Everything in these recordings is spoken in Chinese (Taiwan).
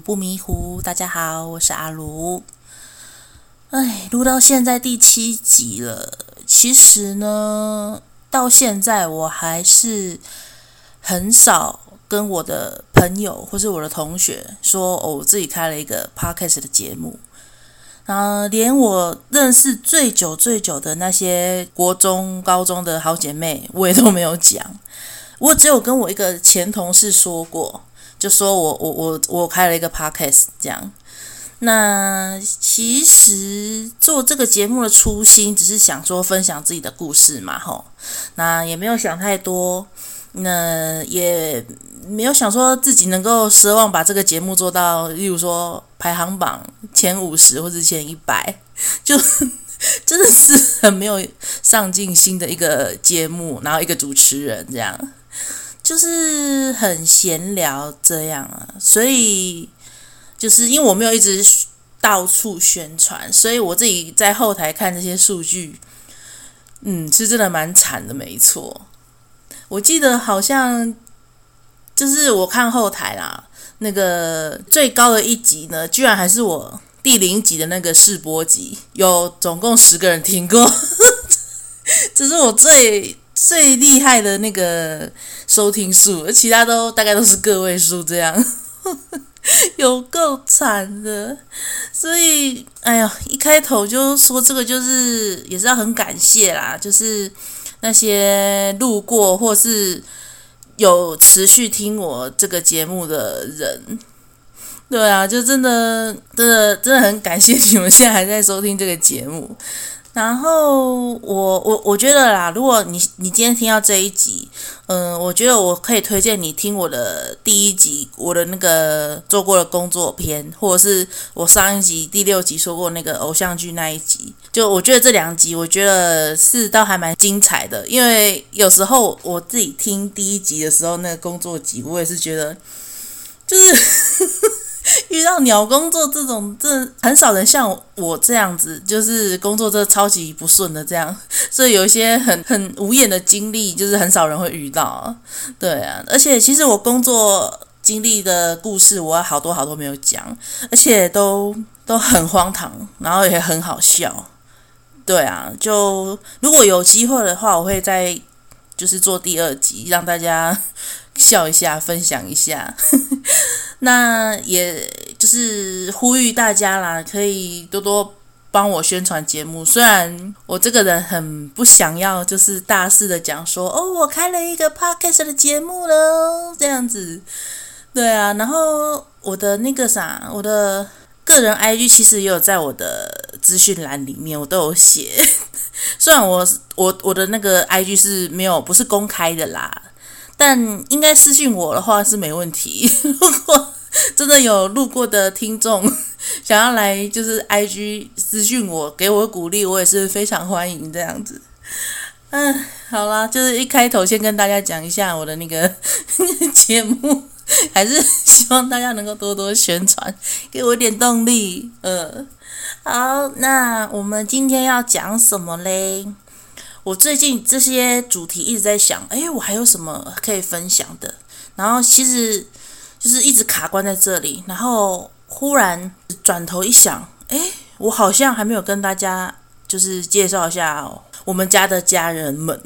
不迷糊，大家好，我是阿茹。哎，錄到現在第七集了。其實呢，到現在我還是很少跟我的朋友或是我的同學說，哦，我自己開了一個 podcast 的節目。啊，連我認識最久最久的那些國中、高中的好姐妹，我也都沒有講。我只有跟我一個前同事說過。就說我我我我開了一個 podcast 這樣，那其實做這個節目的初心只是想說分享自己的故事嘛，吼，那也沒有想太多，那也沒有想說自己能夠奢望把這個節目做到，例如說排行榜前五十或者前一百，就真的是很沒有上進心的一個節目，然後一個主持人這樣。就是很閒聊這樣啊，所以就是因為我沒有一直到處宣傳，所以我自己在後台看這些數據，嗯，是真的蠻慘的，沒錯。我記得好像就是我看後台啦，那個最高的一集呢，居然還是我第零集的那個試播集，有總共十個人聽過，這 是我最。最厲害的那個收聽數，其他都大概都是個位數這樣， 有夠慘的。所以，哎呀，一開頭就說這個，就是也是要很感謝啦，就是那些路過或是有持續聽我這個節目的人，對啊，就真的，真的，真的很感謝你們現在還在收聽這個節目。然後我我我覺得啦，如果你你今天聽到這一集，嗯、呃，我覺得我可以推薦你聽我的第一集，我的那個做過的工作篇，或者是我上一集第六集說過那個偶像劇那一集，就我覺得這兩集我覺得是倒還蠻精彩的，因為有時候我自己聽第一集的時候那個工作集，我也是覺得就是。 遇到鳥工作這種，這很少人像我，我這樣子，就是工作這超級不順的這樣，所以有一些很很無言的經歷，就是很少人會遇到，對啊。而且其實我工作經歷的故事，我好多好多沒有講，而且都都很荒唐，然後也很好笑，對啊。就如果有機會的話，我會再就是做第二集，讓大家。笑一下，分享一下， 那也就是呼籲大家啦，可以多多幫我宣傳節目。雖然我這個人很不想要，就是大肆的講說哦，我開了一個 podcast 的節目了，哦，這樣子。對啊，然後我的那個啥，我的個人 IG 其實也有在我的資訊欄裡面，我都有寫。 雖然我我我的那個 IG 是沒有，不是公開的啦。但應該私信我的話是沒問題。如果真的有路過的聽眾想要來，就是 IG 私信我，給我鼓勵，我也是非常歡迎這樣子。嗯，好啦，就是一開頭先跟大家講一下我的那個節目，還是希望大家能夠多多宣傳，給我一點動力。呃，好，那我們今天要講什麼嘞？我最近這些主題一直在想，欸，我還有什麼可以分享的？然後其實就是一直卡關在這裡。然後忽然轉頭一想，欸，我好像還沒有跟大家就是介紹一下我們家的家人們。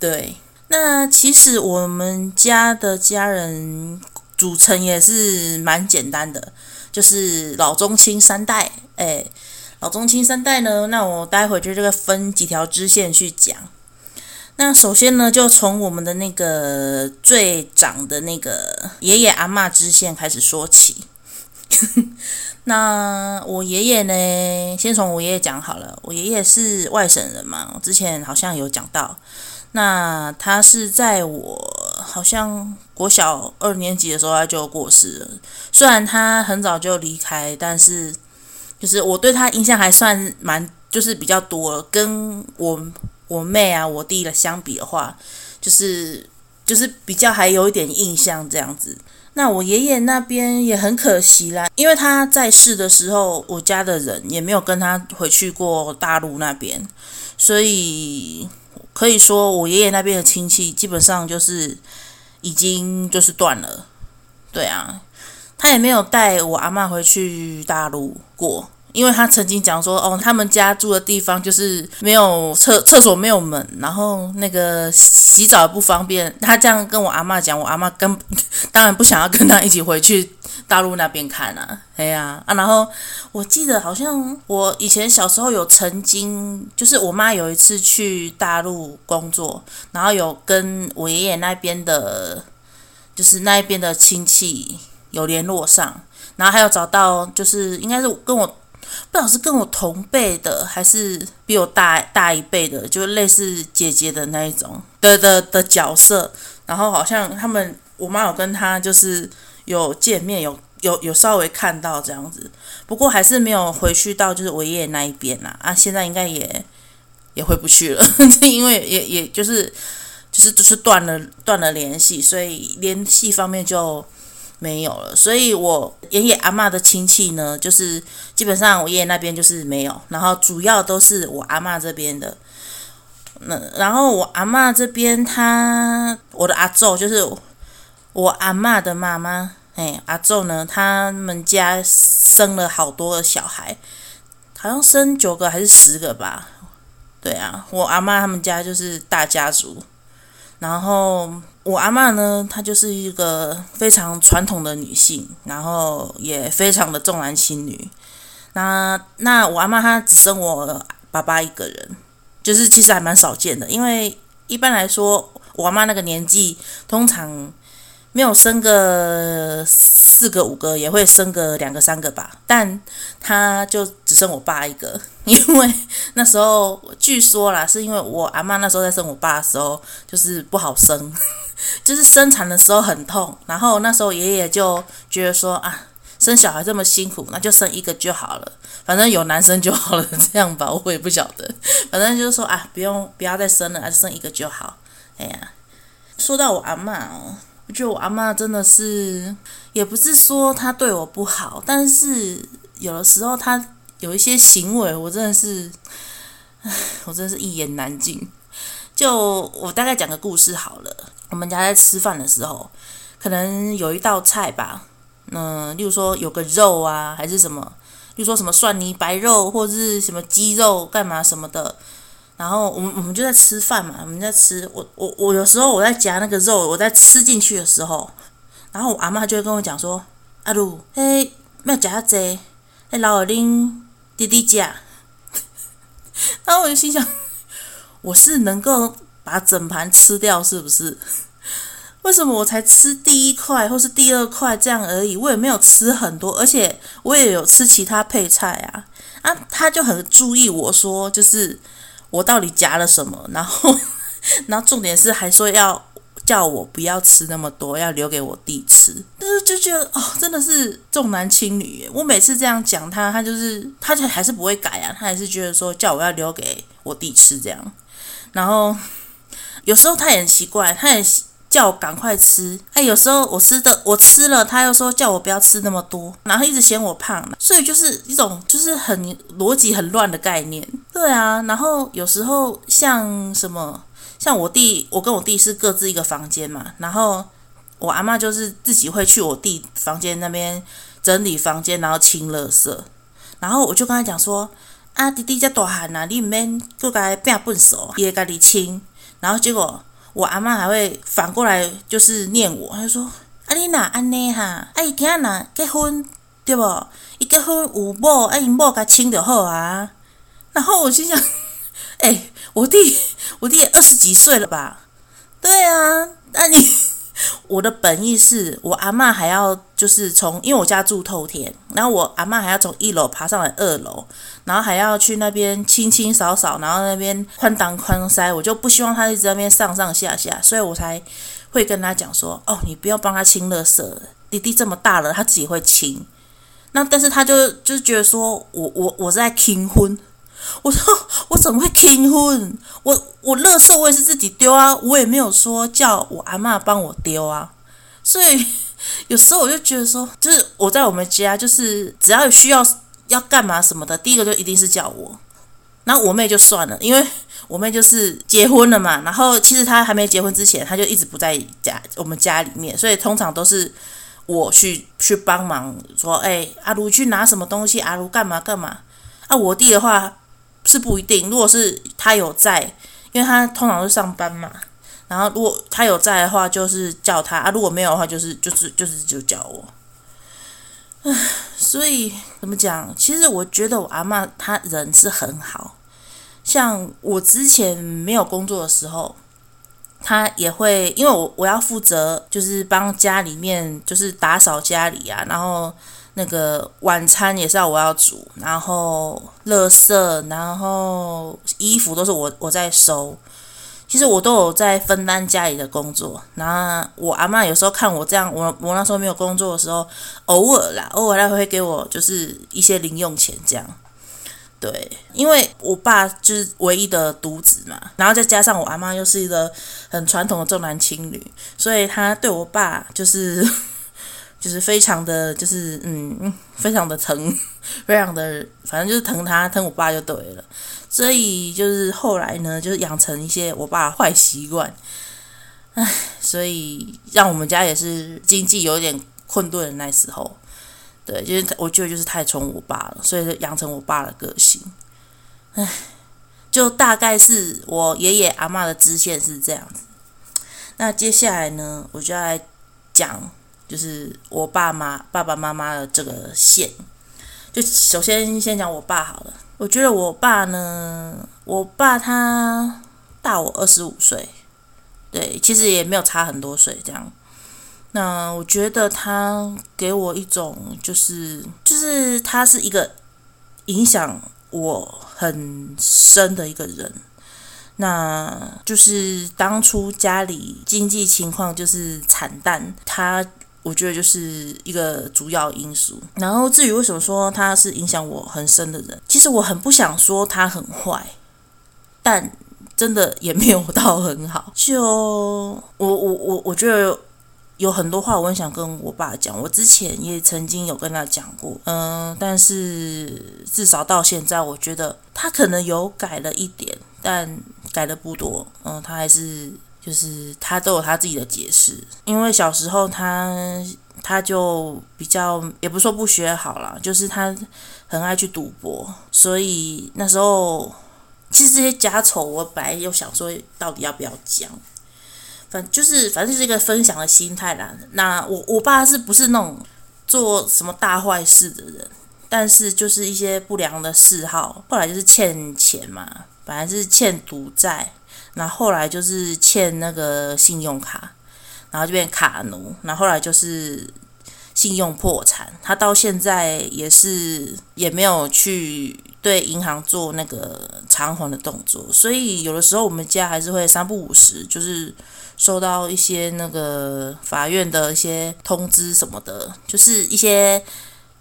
對，那其實我們家的家人組成也是蠻簡單的，就是老中青三代。欸。老中青三代呢，那我待會就這個分幾條支線去講。那首先呢，就從我們的那個最長的那個爺爺阿嬤支線開始說起。 那我爺爺呢，先從我爺爺講好了。我爺爺是外省人嘛，我之前好像有講到。那他是在我好像國小二年級的時候他就過世了。雖然他很早就離開，但是。就是我對他印象還算蠻，就是比較多，跟我我妹啊我弟的相比的話，就是就是比較還有一點印象這樣子。那我爺爺那邊也很可惜啦，因為他在世的時候，我家的人也沒有跟他回去過大陸那邊，所以可以說我爺爺那邊的親戚基本上就是已經就是斷了，對啊。他也沒有帶我阿嬤回去大陸過，因為他曾經講說：“哦，他們家住的地方就是沒有廁廁所沒有門，然後那個洗澡也不方便。”他這樣跟我阿嬤講，我阿嬤跟當然不想要跟他一起回去大陸那邊看了，啊。哎呀啊，啊！然後我記得好像我以前小時候有曾經就是我媽有一次去大陸工作，然後有跟我爺爺那邊的，就是那一邊的親戚。有聯絡上，然後還有找到，就是應該是跟我，不知道是跟我同輩的，還是比我大大一輩的，就類似姐姐的那一種的的的角色。然後好像他們我媽有跟他就是有見面，有有有稍微看到這樣子，不過還是沒有回去到就是我爺爺那一邊啦、啊。啊，現在應該也也回不去了，呵呵因為也也就是就是就是斷了斷了聯繫，所以聯繫方面就。沒有了，所以我爺爺阿嬤的親戚呢，就是基本上我爺爺那邊就是沒有，然後主要都是我阿嬤這邊的。那然後我阿嬤這邊，他我的阿祖就是我阿嬤的媽媽，誒、欸，阿祖呢，他們家生了好多小孩，好像生九個還是十個吧？對啊，我阿嬤他們家就是大家族，然後。我阿嬤呢，她就是一個非常傳統的女性，然後也非常的重男輕女。那那我阿嬤她只生我爸爸一個人，就是其實還蠻少見的，因為一般來說，我阿嬤那個年紀通常沒有生個四個五個，也會生個兩個三個吧。但她就只生我爸一個，因為那時候據說啦，是因為我阿嬤那時候在生我爸的時候就是不好生。就是生產的時候很痛，然後那時候爺爺就覺得說啊，生小孩這麼辛苦，那就生一個就好了，反正有男生就好了，這樣吧，我也不曉得，反正就是說啊，不用，不要再生了，啊，就生一個就好。哎呀，說到我阿嬤哦，我覺得我阿嬤真的是，也不是說她對我不好，但是有的時候她有一些行為，我真的是，我真的是一言難盡。就我大概講個故事好了。我們家在吃飯的時候，可能有一道菜吧，嗯、呃，例如說有個肉啊，還是什麼，就說什麼蒜泥白肉或是什麼雞肉幹嘛什麼的。然後我們我們就在吃飯嘛，我們在吃，我我我有時候我在夾那個肉，我在吃進去的時候，然後我阿嬤就會跟我講說：“阿茹嘿，咩夾誒，老二恁弟弟夾。”然後我就心想，我是能夠。把整盤吃掉是不是？為什麼我才吃第一塊或是第二塊這樣而已？我也沒有吃很多，而且我也有吃其他配菜啊啊！他就很注意我說，就是我到底夾了什麼，然後，然後重點是還說要叫我不要吃那麼多，要留給我弟吃。但是就覺得哦，真的是重男輕女。我每次這樣講他，他就是他就還是不會改啊，他還是覺得說叫我要留給我弟吃這樣，然後。有時候他也很奇怪，他也叫我趕快吃。哎，有時候我吃的我吃了，他又說叫我不要吃那麼多，然後一直嫌我胖。所以就是一種就是很邏輯很亂的概念，對啊。然後有時候像什麼像我弟，我跟我弟是各自一個房間嘛，然後我阿媽就是自己會去我弟房間那邊整理房間，然後清垃圾。然後我就跟他講說：“啊，弟弟這大漢啦、啊，你們免該變笨手，也該家己清。”然後結果，我阿媽還會反過來就是念我，她說：“阿、啊、你哪阿妮，哈，啊聽阿娜結婚對不？一結婚有母啊哎，某個親就好啊。”然後我心想：“哎，我弟，我弟也二十幾歲了吧？對啊，那、啊、你。”我的本意是我阿嬤還要就是從，因為我家住透天，然後我阿嬤還要從一樓爬上來二樓，然後還要去那邊清清掃掃，然後那邊寬當寬塞，我就不希望她一直在那邊上上下下，所以我才會跟她講說，哦，你不要幫她清垃圾，弟弟這麼大了，他自己會清。那但是他就就覺得說我我我在親婚。我說我怎麼會親婚？我我樂色我也是自己丟啊，我也沒有說叫我阿嬤幫我丟啊。所以有時候我就覺得說，就是我在我們家，就是只要需要要幹嘛什麼的，第一個就一定是叫我。然後我妹就算了，因為我妹就是結婚了嘛。然後其實她還沒結婚之前，她就一直不在家，我們家裡面，所以通常都是我去去幫忙說，哎，阿茹去拿什麼東西，阿茹幹嘛幹嘛。啊，我弟的話。是不一定，如果是他有在，因為他通常是上班嘛。然後如果他有在的話，就是叫他啊；如果沒有的話，就是，就是就是就是就叫我。唉，所以怎麼講？其實我覺得我阿嬤她人是很好。像我之前沒有工作的時候，他也會因為我我要負責，就是幫家裡面就是打掃家裡啊，然後。那個晚餐也是要我要煮，然後垃圾，然後衣服都是我我在收。其實我都有在分擔家裡的工作。然後我阿嬤有時候看我這樣，我我那時候沒有工作的時候，偶爾啦，偶爾她會給我就是一些零用錢這樣。對，因為我爸就是唯一的獨子嘛，然後再加上我阿嬤又是一個很傳統的重男輕女，所以他對我爸就是。就是非常的，就是嗯，非常的疼，非常的，反正就是疼他，疼我爸就對了。所以就是後來呢，就是養成一些我爸的壞習慣，唉，所以讓我們家也是經濟有點困頓的那時候。對，就是我覺得就是太寵我爸了，所以就養成我爸的個性。唉，就大概是我爺爺阿嬤的支線是這樣子。那接下來呢，我就要來講。就是我爸媽爸爸媽媽的這個線，就首先先講我爸好了。我覺得我爸呢，我爸他大我二十五歲，對，其實也沒有差很多歲這樣。那我覺得他給我一種就是，就是他是一個影響我很深的一個人。那就是當初家裡經濟情況就是慘淡，他。我覺得就是一個主要因素。然後至於為什麼說他是影響我很深的人，其實我很不想說他很壞，但真的也沒有到很好。就我我我我覺得有很多話我很想跟我爸講，我之前也曾經有跟他講過，嗯，但是至少到現在，我覺得他可能有改了一點，但改的不多。嗯，他還是。就是他都有他自己的解釋，因為小時候他他就比較也不是說不學好啦，就是他很愛去賭博，所以那時候其實這些家醜我本來又想說到底要不要講，反就是反正就是一個分享的心態啦。那我我爸是不是那種做什麼大壞事的人？但是就是一些不良的嗜好，後來就是欠錢嘛，本來是欠賭債。那後,後來就是欠那個信用卡，然後就變卡奴。那後,後來就是信用破產，他到現在也是也沒有去對銀行做那個償還的動作。所以有的時候我們家還是會三不五時，就是收到一些那個法院的一些通知什麼的，就是一些。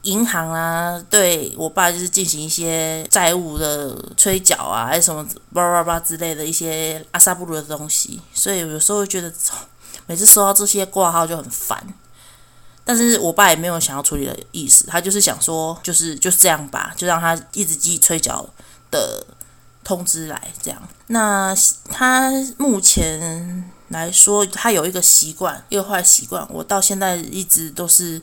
銀行啊，對我爸就是進行一些債務的催繳啊，還是什麼叭叭叭之類的一些阿薩布魯的東西，所以有時候會覺得，每次收到這些掛號就很煩。但是我爸也沒有想要處理的意思，他就是想說，就是就是，這樣吧，就讓他一直寄催繳的通知來這樣。那他目前來說，他有一個習慣，一個壞習慣，我到現在一直都是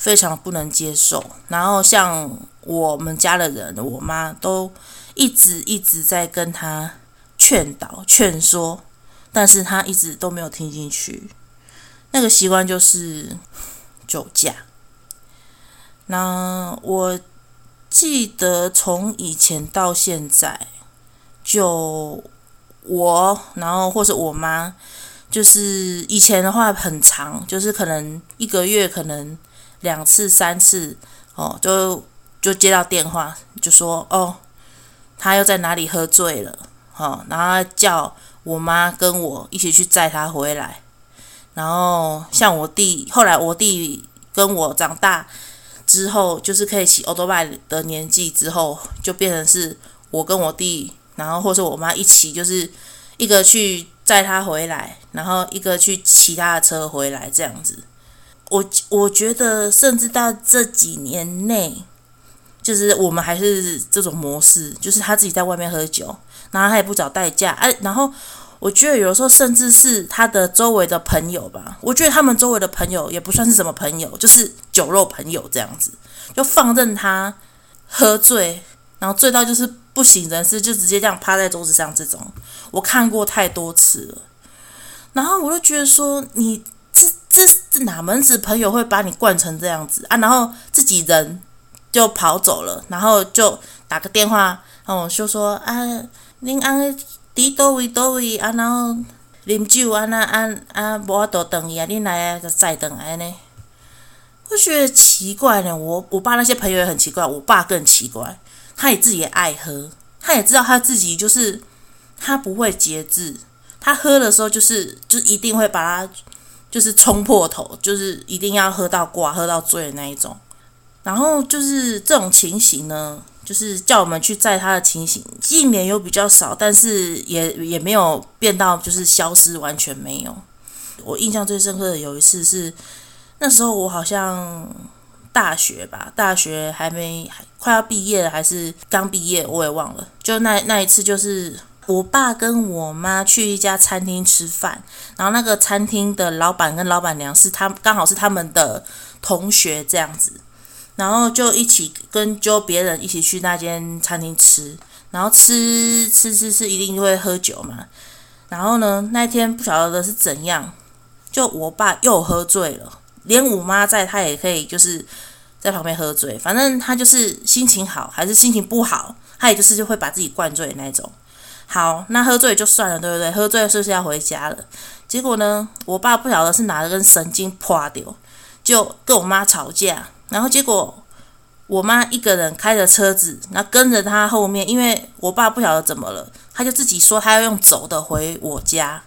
非常不能接受，然後像我們家的人，我媽都一直一直在跟他勸導、勸說，但是他一直都沒有聽進去。那個習慣就是酒駕。那我記得從以前到現在，就我，然後或是我媽，就是以前的話很長，就是可能一個月可能。兩次三次，哦，就就接到電話，就說哦，他又在哪裡喝醉了，哦，然後叫我媽跟我一起去載他回來。然後像我弟，後來我弟跟我長大之後，就是可以騎歐多拜的年紀之後，就變成是我跟我弟，然後或者是我媽一起，就是一個去載他回來，然後一個去騎他的車回來這樣子。我我覺得，甚至到這幾年內，就是我們還是這種模式，就是他自己在外面喝酒，然後他也不找代駕。哎，然後我覺得有時候，甚至是他的周圍的朋友吧，我覺得他們周圍的朋友也不算是什麼朋友，就是酒肉朋友這樣子，就放任他喝醉，然後醉到就是不省人事，就直接這樣趴在桌子上。這種我看過太多次了，然後我就覺得說你。這這哪門子朋友會把你灌成這樣子啊？然後自己人就跑走了，然後就打個電話，哦、嗯，就說啊，恁阿公在多位多位啊，然後飲酒啊，那啊啊，無法度等伊啊，恁、啊、來你再等安呢，我覺得奇怪呢，我我爸那些朋友也很奇怪，我爸更奇怪，他也自己也愛喝，他也知道他自己就是他不會節制，他喝的時候就是就一定會把他。就是衝破頭，就是一定要喝到掛、喝到醉的那一種。然後就是這種情形呢，就是叫我們去載他的情形，近年又比較少，但是也也沒有變到就是消失，完全沒有。我印象最深刻的有一次是那時候我好像大學吧，大學還沒還快要畢業了還是剛畢業，我也忘了。就那那一次就是。我爸跟我媽去一家餐廳吃飯，然後那個餐廳的老闆跟老闆娘是他剛好是他們的同學這樣子，然後就一起跟揪別人一起去那間餐廳吃，然後吃吃吃吃一定會喝酒嘛，然後呢，那天不曉得是怎樣，就我爸又喝醉了，連我媽在，他也可以就是在旁邊喝醉，反正他就是心情好還是心情不好，他也就是就會把自己灌醉的那種。好，那喝醉就算了，對不對？喝醉了是不是要回家了？結果呢，我爸不曉得是哪根神經破掉，就跟我媽吵架。然後結果我媽一個人開着車子，然後跟着他後面，因為我爸不曉得怎麼了，他就自己說他要用走的回我家。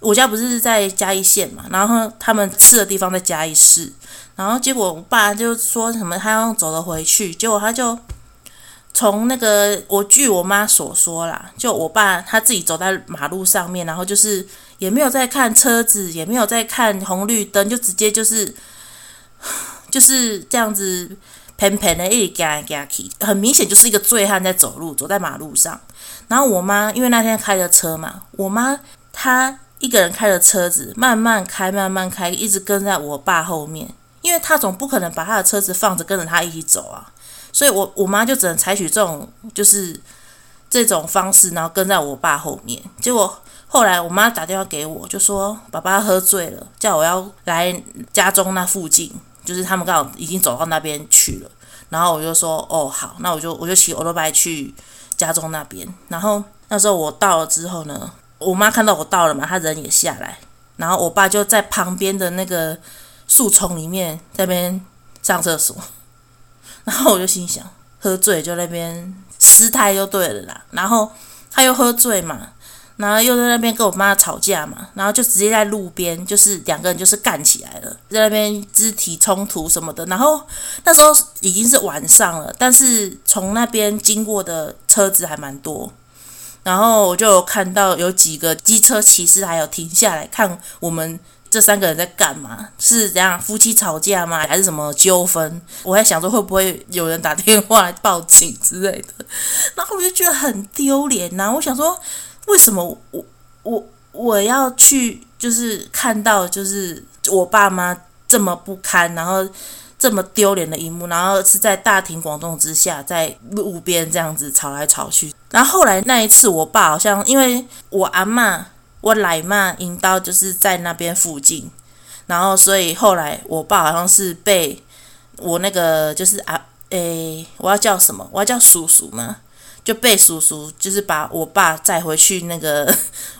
我家不是在嘉義縣嘛，然後他們吃的地方在嘉義市。然後結果我爸就說什麼他要用走的回去，結果他就。從那個，我據我媽所說啦，就我爸他自己走在馬路上面，然後就是也沒有在看車子，也沒有在看紅綠燈，就直接就是就是這樣子翩翩的一直嘎來嘎去，很明顯就是一個醉漢在走路，走在馬路上。然後我媽因為那天開着車嘛，我媽她一個人開着車子慢慢開慢慢開，一直跟在我爸後面，因為她總不可能把她的車子放着跟着他一起走啊。所以我，我我媽就只能採取這種，就是這種方式，然後跟在我爸後面。結果後來，我媽打電話給我，就說爸爸喝醉了，叫我要來家中那附近，就是他們剛好已經走到那邊去了。然後我就說，哦，好，那我就我就騎歐兜拜去家中那邊。然後那時候我到了之後呢，我媽看到我到了嘛，她人也下來，然後我爸就在旁邊的那個樹叢裡面在那邊上廁所。然後我就心想，喝醉就那邊失態就對了啦。然後他又喝醉嘛，然後又在那邊跟我媽吵架嘛，然後就直接在路邊，就是兩個人就是幹起來了，在那邊肢體衝突什麼的。然後那時候已經是晚上了，但是從那邊經過的車子還蠻多，然後我就有看到有幾個機車騎士還有停下來看我們。這三個人在幹嘛？是這樣夫妻吵架嗎？還是什麼糾紛？我還想說會不會有人打電話來報警之類的？然後我就覺得很丟臉吶！我想說，為什麼我我我要去就是看到就是我爸媽這麼不堪，然後這麼丟臉的一幕，然後是在大庭廣眾之下，在路邊這樣子吵來吵去。然後後來那一次，我爸好像因為我阿嬤。我奶媽引到就是在那邊附近，然後所以後來我爸好像是被我那個就是啊，誒、欸，我要叫什麼？我要叫叔叔嘛，就被叔叔就是把我爸載回去那個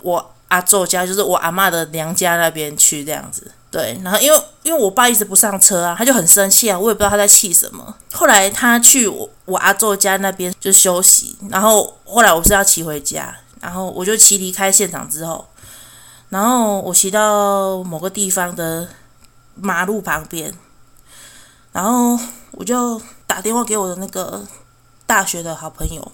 我阿祖家，就是我阿媽的娘家那邊去這樣子。對，然後因為因為我爸一直不上車啊，他就很生氣啊，我也不知道他在氣什麼。後來他去我我阿祖家那邊就休息，然後後來我是要騎回家，然後我就騎離開現場之後。然後我騎到某個地方的馬路旁邊，然後我就打電話給我的那個大學的好朋友，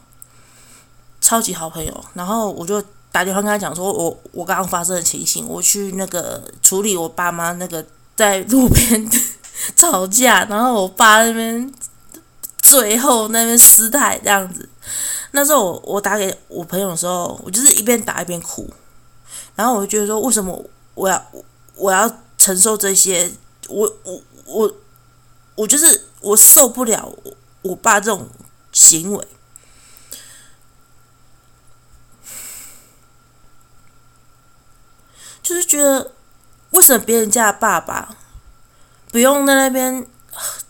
超級好朋友。然後我就打電話跟他講說我，我我剛剛發生的情形，我去那個處理我爸媽那個在路邊吵架，然後我爸那邊最後那邊失態這樣子。那時候我我打給我朋友的時候，我就是一邊打一邊哭。然後我就覺得說，為什麼我要我要承受這些？我我我，我就是我受不了我我爸這種行為，就是覺得為什麼別人家的爸爸不用在那邊喝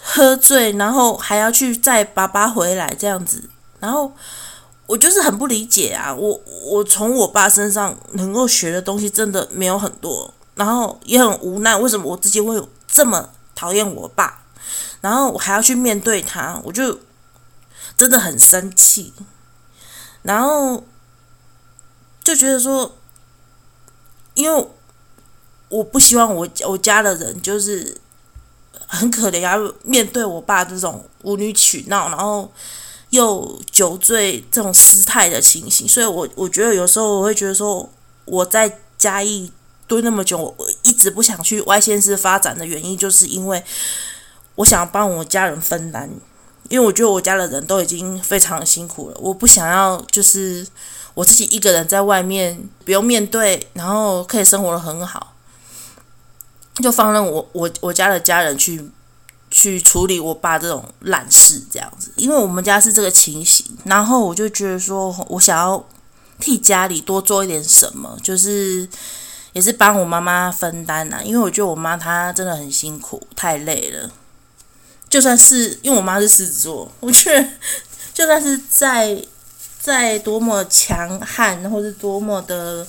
喝醉，然後還要去載爸爸回來這樣子，然後。我就是很不理解啊！我我從我爸身上能夠學的東西真的沒有很多，然後也很無奈，為什麼我自己會有這麼討厭我爸？然後我還要去面對他，我就真的很生氣，然後就覺得說，因為我不希望我我家的人就是很可憐，要面對我爸這種無理取鬧，然後。又酒醉這種失態的情形，所以我我覺得有時候我會覺得說，我在嘉義蹲那麼久，我一直不想去外縣市發展的原因，就是因為我想幫我家人分擔，因為我覺得我家的人都已經非常辛苦了，我不想要就是我自己一個人在外面不用面對，然後可以生活得很好，就放任我我我家的家人去。去處理我爸這種爛事，這樣子，因為我們家是這個情形，然後我就覺得說，我想要替家裡多做一點什麼，就是也是幫我媽媽分擔啊，因為我覺得我媽她真的很辛苦，太累了。就算是因為我媽是獅子座，我覺得，就算是再再多麼強悍或是多麼的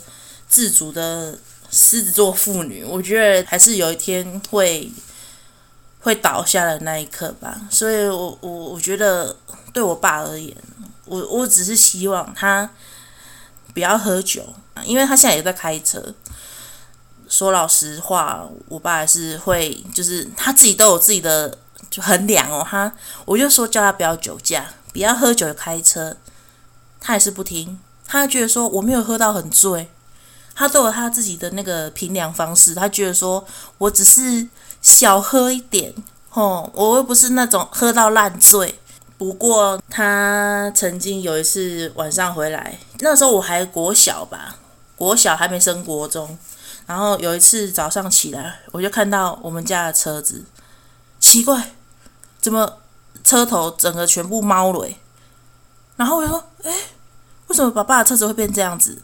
自主的獅子座婦女，我覺得還是有一天會會倒下的那一刻吧，所以我，我我我覺得，對我爸而言，我我只是希望他不要喝酒啊，因為他現在也在開車。說老實話，我爸還是會，就是他自己都有自己的就衡量哦。他，我就說叫他不要酒駕，不要喝酒開車，他還是不聽。他覺得說我沒有喝到很醉，他都有他自己的那個評量方式。他覺得說我只是。小喝一點，吼，我又不是那種喝到爛醉。不過他曾經有一次晚上回來，那時候我還國小吧，國小還沒升國中。然後有一次早上起來，我就看到我們家的車子，奇怪，怎麼車頭整個全部貓了？然後我就說，哎，為什麼爸爸的車子會變這樣子？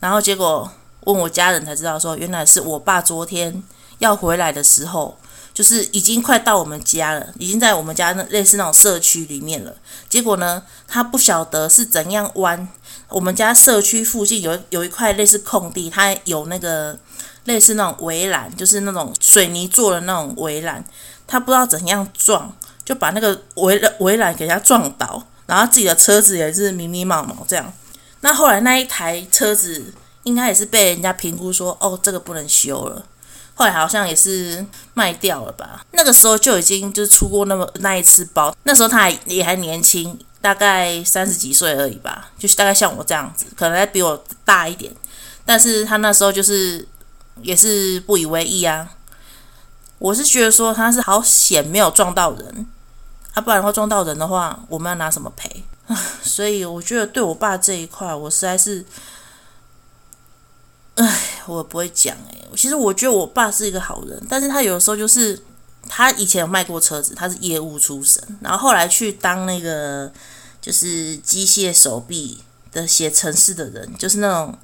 然後結果問我家人才知道說，說原來是我爸昨天。要回來的時候，就是已經快到我們家了，已經在我們家那類似那種社區裡面了。結果呢，他不曉得是怎樣彎。我們家社區附近有有一塊類似空地，它有那個類似那種圍欄，就是那種水泥做的那種圍欄。他不知道怎樣撞，就把那個圍圍欄給人家撞倒，然後自己的車子也是迷迷茫茫這樣。那後來那一台車子應該也是被人家評估說，哦，這個不能修了。後來好像也是賣掉了吧？那個時候就已經就出過那麼、個、那一次包，那時候他還也還年輕，大概三十幾歲而已吧，就是大概像我這樣子，可能還比我大一點。但是他那時候就是也是不以為意啊。我是覺得說他是好險沒有撞到人啊，不然的話撞到人的話，我們要拿什麼賠？ 所以我覺得對我爸這一塊，我實在是。哎，我不會講哎、欸。其實我覺得我爸是一個好人，但是他有的時候就是他以前有賣過車子，他是業務出身，然後後來去當那個就是機械手臂的寫程式的人，就是那種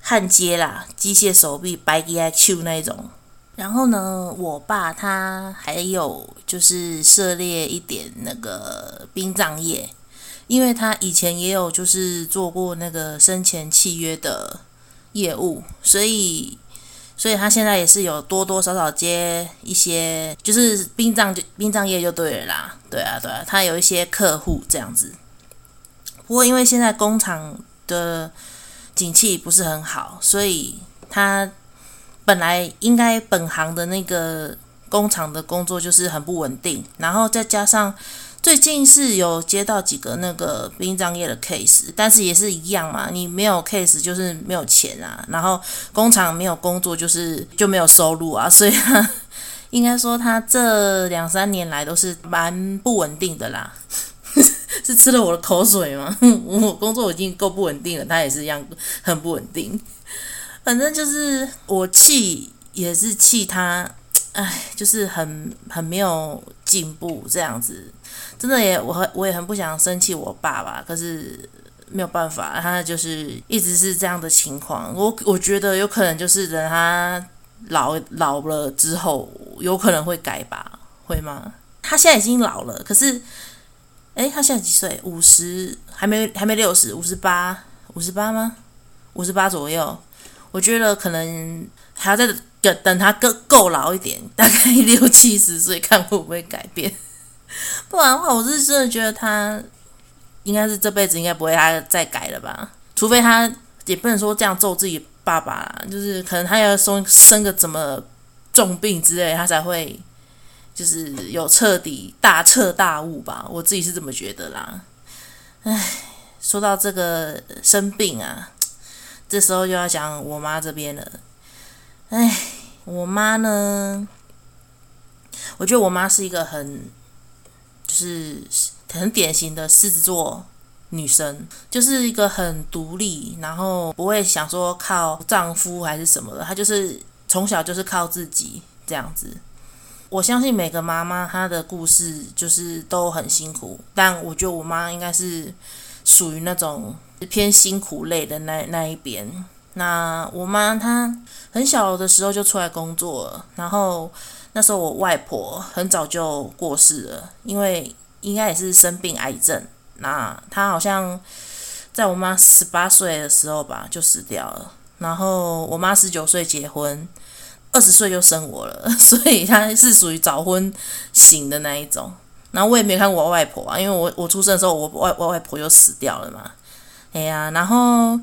焊接啦、機械手臂、白給他 q 那一種。然後呢，我爸他還有就是涉獵一點那個殯葬業，因為他以前也有就是做過那個生前契約的。業務，所以，所以他現在也是有多多少少接一些，就是殯葬就殯葬業就對了啦，對啊對啊，他有一些客戶這樣子。不過因為現在工廠的景氣不是很好，所以他本來應該本行的那個工廠的工作就是很不穩定，然後再加上。最近是有接到幾個那個殯葬業的 case，但是也是一樣嘛，你沒有 case 就是沒有錢啊，然後工廠沒有工作就是就沒有收入啊，所以他應該說他這兩三年來都是蠻不穩定的啦， 是吃了我的口水嗎？我工作已經夠不穩定了，他也是一樣很不穩定，反正就是我氣也是氣他，哎，就是很很沒有進步這樣子。真的也，我我也很不想生氣我爸爸，可是沒有辦法，他就是一直是這樣的情況。我我覺得有可能就是等他老老了之後，有可能會改吧，會嗎？他現在已經老了，可是，誒，他現在幾歲？五十還沒還沒六十五十八五十八嗎？五十八左右，我覺得可能還要再等等，等他夠夠老一點，大概六七十歲，看會不會改變。不然的話，我是真的覺得他應該是這輩子應該不會他再改了吧，除非他也不能說這樣咒自己爸爸啦，就是可能他要生生個怎麼重病之類，他才會就是有徹底大徹大悟吧。我自己是這麼覺得啦。唉，說到這個生病啊，這時候就要講我媽這邊了。唉，我媽呢，我覺得我媽是一個很。就是很典型的獅子座女生，就是一個很獨立，然後不會想說靠丈夫還是什麼的，她就是從小就是靠自己這樣子。我相信每個媽媽她的故事就是都很辛苦，但我覺得我媽應該是屬於那種偏辛苦類的那那一邊。那我媽她很小的時候就出來工作了，然後。那時候我外婆很早就過世了，因為應該也是生病癌症。那她好像在我媽十八歲的時候吧，就死掉了。然後我媽十九歲結婚，二十歲就生我了，所以她是屬於早婚型的那一種。然後我也沒看過我外婆啊，因為我我出生的時候我外我外婆就死掉了嘛。哎呀，啊，然後。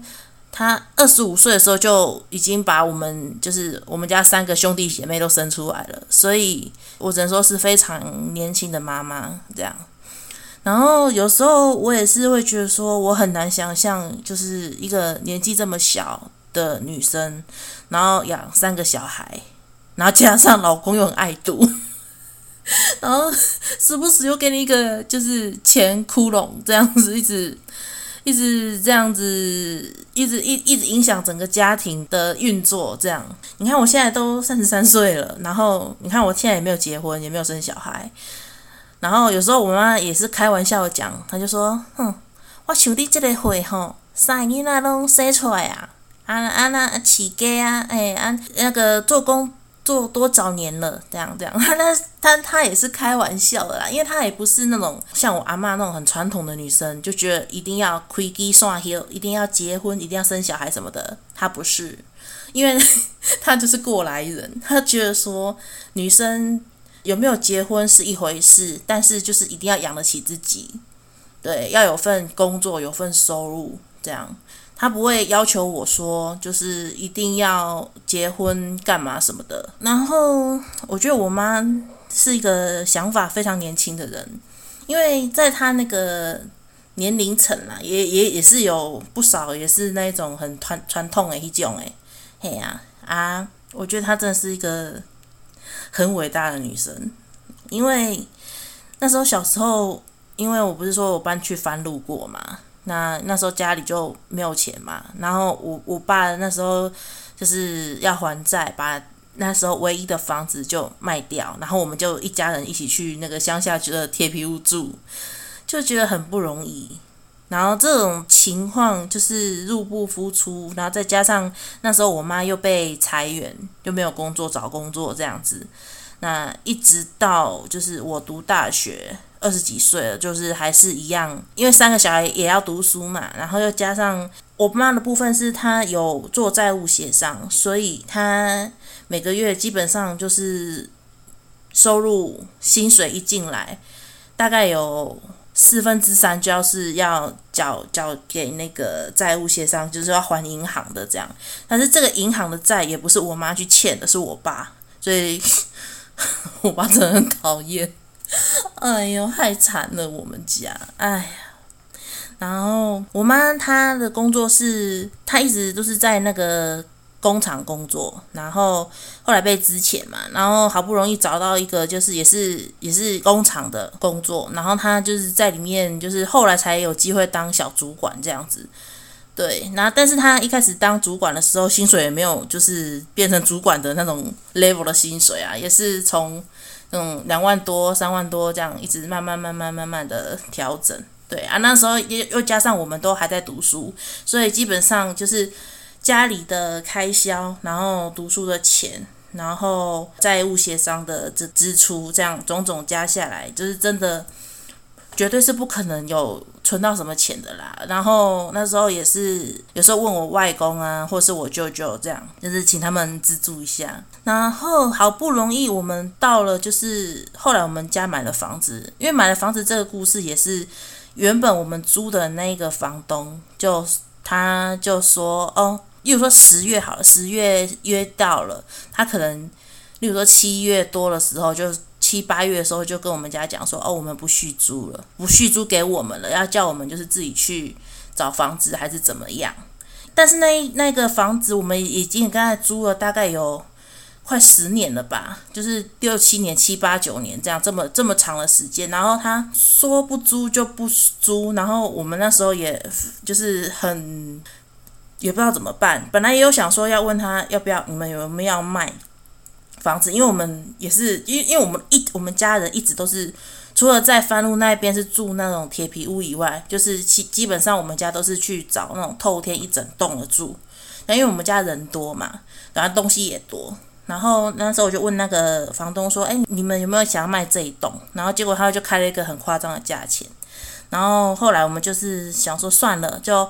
她二十五歲的時候就已經把我們就是我們家三個兄弟姐妹都生出來了，所以我只能說是非常年輕的媽媽這樣。然後有時候我也是會覺得說我很難想象，就是一個年紀這麼小的女生，然後養三個小孩，然後加上老公又很愛賭，然後時不時又給你一個就是錢窟窿，這樣子一直。一直這樣子，一直一一直影響整個家庭的運作。這樣，你看我現在都三十三歲了，然後你看我現在也沒有結婚，也沒有生小孩。然後有時候我媽也是開玩笑講，她就說：“哼，我兄弟這個會吼，三個囡仔攏生出來啊，啊啊那飼雞啊，哎、啊啊欸，啊那個做工。”做多少年了？這樣這樣，但是他他也是開玩笑的啦，因為他也不是那種像我阿媽那種很傳統的女生，就覺得一定要 h i l 一定要結婚，一定要生小孩什麼的。他不是，因為他就是過來人，他覺得說女生有沒有結婚是一回事，但是就是一定要養得起自己，對，要有份工作，有份收入這樣。他不會要求我說，就是一定要結婚幹嘛什麼的。然後我覺得我媽是一個想法非常年輕的人，因為在她那個年齡層啦，也也也是有不少也是那種很傳傳統的一種誒嘿呀啊！我覺得她真的是一個很偉大的女生，因為那時候小時候，因為我不是說我搬去番路過嘛。那那時候家裡就沒有錢嘛，然後我我爸那時候就是要還債，把那時候唯一的房子就賣掉，然後我們就一家人一起去那個鄉下去的鐵皮屋住，就覺得很不容易。然後這種情況就是入不敷出，然後再加上那時候我媽又被裁員，就沒有工作，找工作這樣子。那一直到就是我讀大學。二十幾歲了，就是還是一樣，因為三個小孩也要讀書嘛，然後又加上我媽的部分，是她有做債務協商，所以她每個月基本上就是收入薪水一進來，大概有四分之三就要是要繳繳給那個債務協商，就是要還銀行的這樣。但是這個銀行的債也不是我媽去欠的，是我爸，所以 我爸真的很討厭。哎呦，害慘了我們家，哎呀！然後我媽她的工作是，她一直都是在那個工廠工作，然後後來被資遣嘛，然後好不容易找到一個就是也是也是工廠的工作，然後她就是在裡面，就是後來才有機會當小主管這樣子。對，然後但是她一開始當主管的時候，薪水也沒有就是變成主管的那種 level 的薪水啊，也是從。嗯，兩萬多、三萬多這樣，一直慢慢、慢慢、慢慢的調整。對啊，那時候又又加上我們都還在讀書，所以基本上就是家裡的開銷，然後讀書的錢，然後債務協商的支支出，這樣種種加下來，就是真的。絕對是不可能有存到什麼錢的啦。然後那時候也是有時候問我外公啊，或是我舅舅這樣，就是請他們資助一下。然後好不容易我們到了，就是後來我們家買了房子，因為買了房子這個故事也是原本我們租的那個房東就，就他就說哦，例如說十月好了，十月約到了，他可能例如說七月多的時候就。七八月的時候，就跟我們家講說：“哦，我們不續租了，不續租給我們了，要叫我們就是自己去找房子，還是怎麼樣？”但是那那個房子，我們已經跟他租了大概有快十年了吧，就是六七年、七八九年這樣，這麼這麼長的時間。然後他說不租就不租，然後我們那時候也就是很也不知道怎麼辦，本來也有想說要問他要不要，你們有沒有要賣？房子，因為我們也是，因因為我們一我們家人一直都是，除了在番路那邊是住那種鐵皮屋以外，就是基基本上我們家都是去找那種透天一整棟的住。那因為我們家人多嘛，然後東西也多，然後那時候我就問那個房東說：“哎，你們有沒有想要賣這一棟？”然後結果他就開了一個很誇張的價錢。然後後來我們就是想說算了，就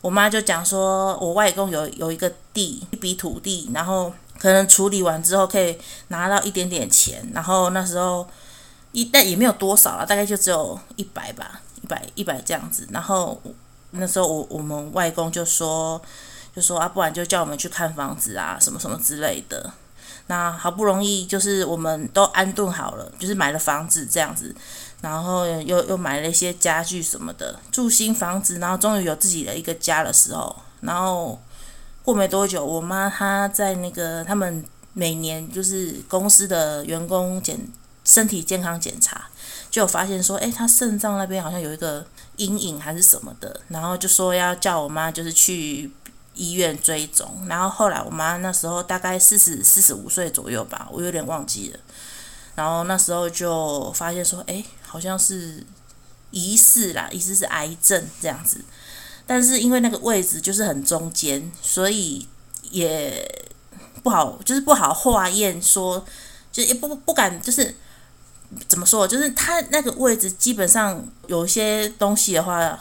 我媽就講說，我外公有有一個地，一筆土地，然後。可能處理完之後可以拿到一點點錢，然後那時候一但也沒有多少了啊，大概就只有一百吧，一百一百這樣子。然後那時候我我們外公就說就說啊，不然就叫我們去看房子啊，什麼什麼之類的。那好不容易就是我們都安頓好了，就是買了房子這樣子，然後又又買了一些家具什麼的，住新房子，然後終於有自己的一個家的時候，然後。過沒多久，我媽她在那個，他們每年就是公司的員工檢身體健康檢查，就有發現說，哎，她腎臟那邊好像有一個陰影還是什麼的，然後就說要叫我媽就是去醫院追蹤，然後後來我媽那時候大概四十四十五歲左右吧，我有點忘記了，然後那時候就發現說，哎，好像是疑似啦，疑似是癌症這樣子。但是因為那個位置就是很中間，所以也不好，就是不好化驗說，說就也不不敢，就是怎麼說，就是他那個位置基本上有些東西的話，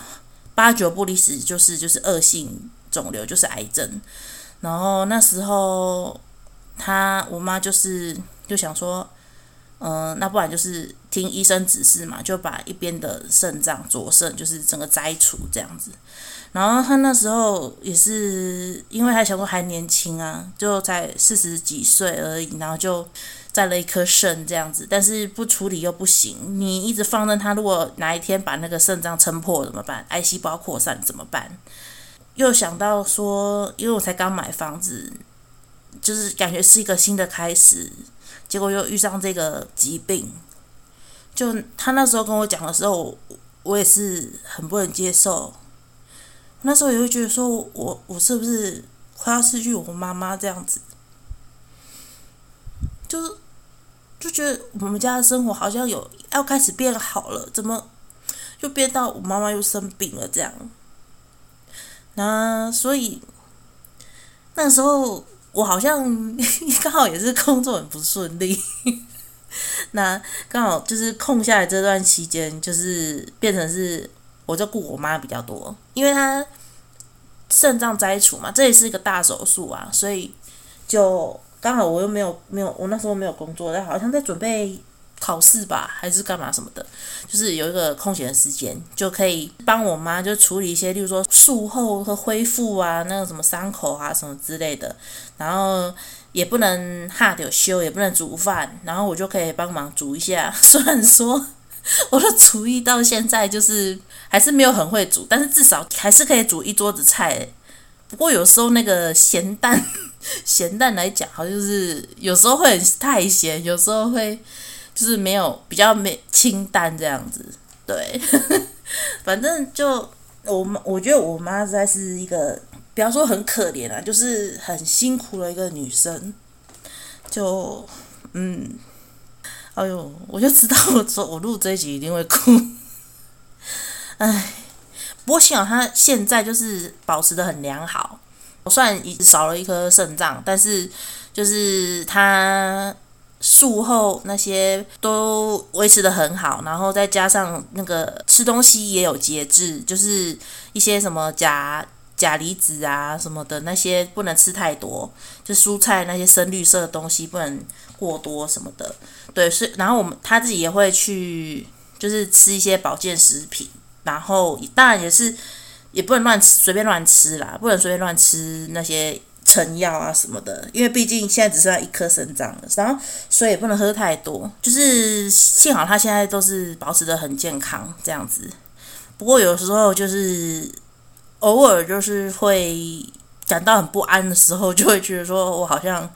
八九不離十就是就是惡性腫瘤，就是癌症。然後那時候他我媽就是就想說。嗯、呃，那不然就是聽醫生指示嘛，就把一邊的腎臟左腎就是整個摘除這樣子。然後他那時候也是，因為他想說還年輕啊，就才四十幾歲而已，然後就摘了一顆腎這樣子。但是不處理又不行，你一直放任他，如果哪一天把那個腎臟撐破怎麼辦？癌細胞擴散怎麼辦？又想到說，因為我才剛買房子，就是感覺是一個新的開始。結果又遇上這個疾病，就他那時候跟我講的時候，我也是很不能接受。那時候也會覺得說我，我我是不是快要失去我媽媽這樣子？就是就覺得我們家的生活好像有要開始變好了，怎麼就變到我媽媽又生病了這樣？那所以那時候。我好像剛好也是工作很不順利，那剛好就是空下來這段期間，就是變成是我就顧我媽比較多，因為她腎臟摘除嘛，這也是一個大手術啊，所以就剛好我又沒有沒有，我那時候沒有工作，但好像在準備。考試吧，還是幹嘛什麼的，就是有一個空閒的時間，就可以幫我媽就處理一些，例如說術後和恢復啊，那個什麼傷口啊什麼之類的。然後也不能哈，a 有修，也不能煮飯，然後我就可以幫忙煮一下，雖然說我的廚藝到現在就是還是沒有很會煮，但是至少還是可以煮一桌子菜。不過有時候那個鹹淡，鹹淡來講，好像就是有時候會很太鹹，有時候會。就是沒有比較沒清淡這樣子，對，呵呵，反正就我，我覺得我媽實在是一個，比方說很可憐啊，就是很辛苦的一個女生，就嗯，哎呦，我就知道我，我錄這一集一定會哭，哎，不過幸好她現在就是保持得很良好，我雖然已經少了一顆腎臟，但是就是她，術後那些都維持得很好，然後再加上那個吃東西也有節制，就是一些什麼鉀鉀離子啊什麼的那些不能吃太多，就蔬菜那些深綠色的東西不能過多什麼的。對，所以然後我們他自己也會去，就是吃一些保健食品，然後當然也是也不能亂吃，隨便亂吃啦，不能隨便亂吃那些成藥啊什麼的，因為畢竟現在只剩下一顆腎臟了，然後所以也不能喝太多。就是幸好他現在都是保持得很健康這樣子。不過有時候就是偶爾就是會感到很不安的時候，就會覺得說我好像誒、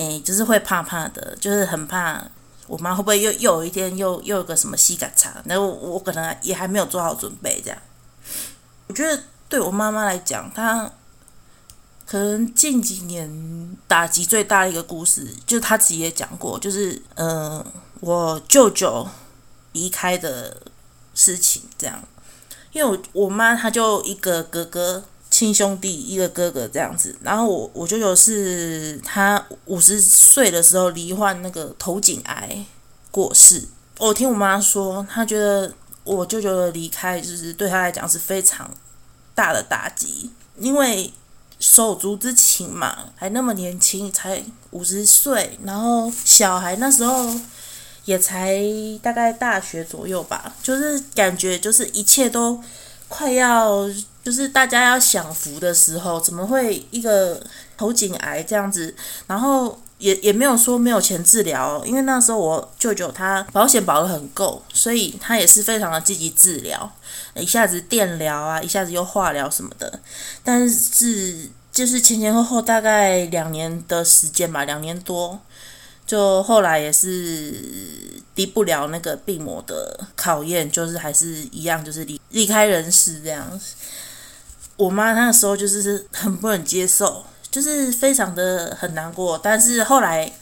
欸，就是會怕怕的，就是很怕我媽會不會又又有一天又又有個什麼心梗查，然後我，我可能也還沒有做好準備這樣。我覺得對我媽媽來講，她。可能近幾年打擊最大的一個故事，就是他自己也講過，就是，嗯、呃，我舅舅離開的事情，這樣。因為我我媽她就一個哥哥，親兄弟一個哥哥這樣子，然後我我舅舅是他五十歲的時候罹患那個頭頸癌過世。我聽我媽說，她覺得我舅舅的離開就是對她來講是非常大的打擊，因為。手足之情嘛，還那麼年輕，才五十歲，然後小孩那時候也才大概大學左右吧，就是感覺就是一切都快要就是大家要享福的時候，怎麼會一個頭頸癌這樣子，然後。也也沒有說沒有錢治療，因為那時候我舅舅他保險保得很夠，所以他也是非常的積極治療，一下子電療啊，一下子又化療什麼的，但是就是前前後後大概兩年的時間吧，兩年多，就後來也是抵不了那個病魔的考驗，就是還是一樣就是離離開人世這樣子，我媽那時候就是很不能接受。就是非常的很難過，但是後來，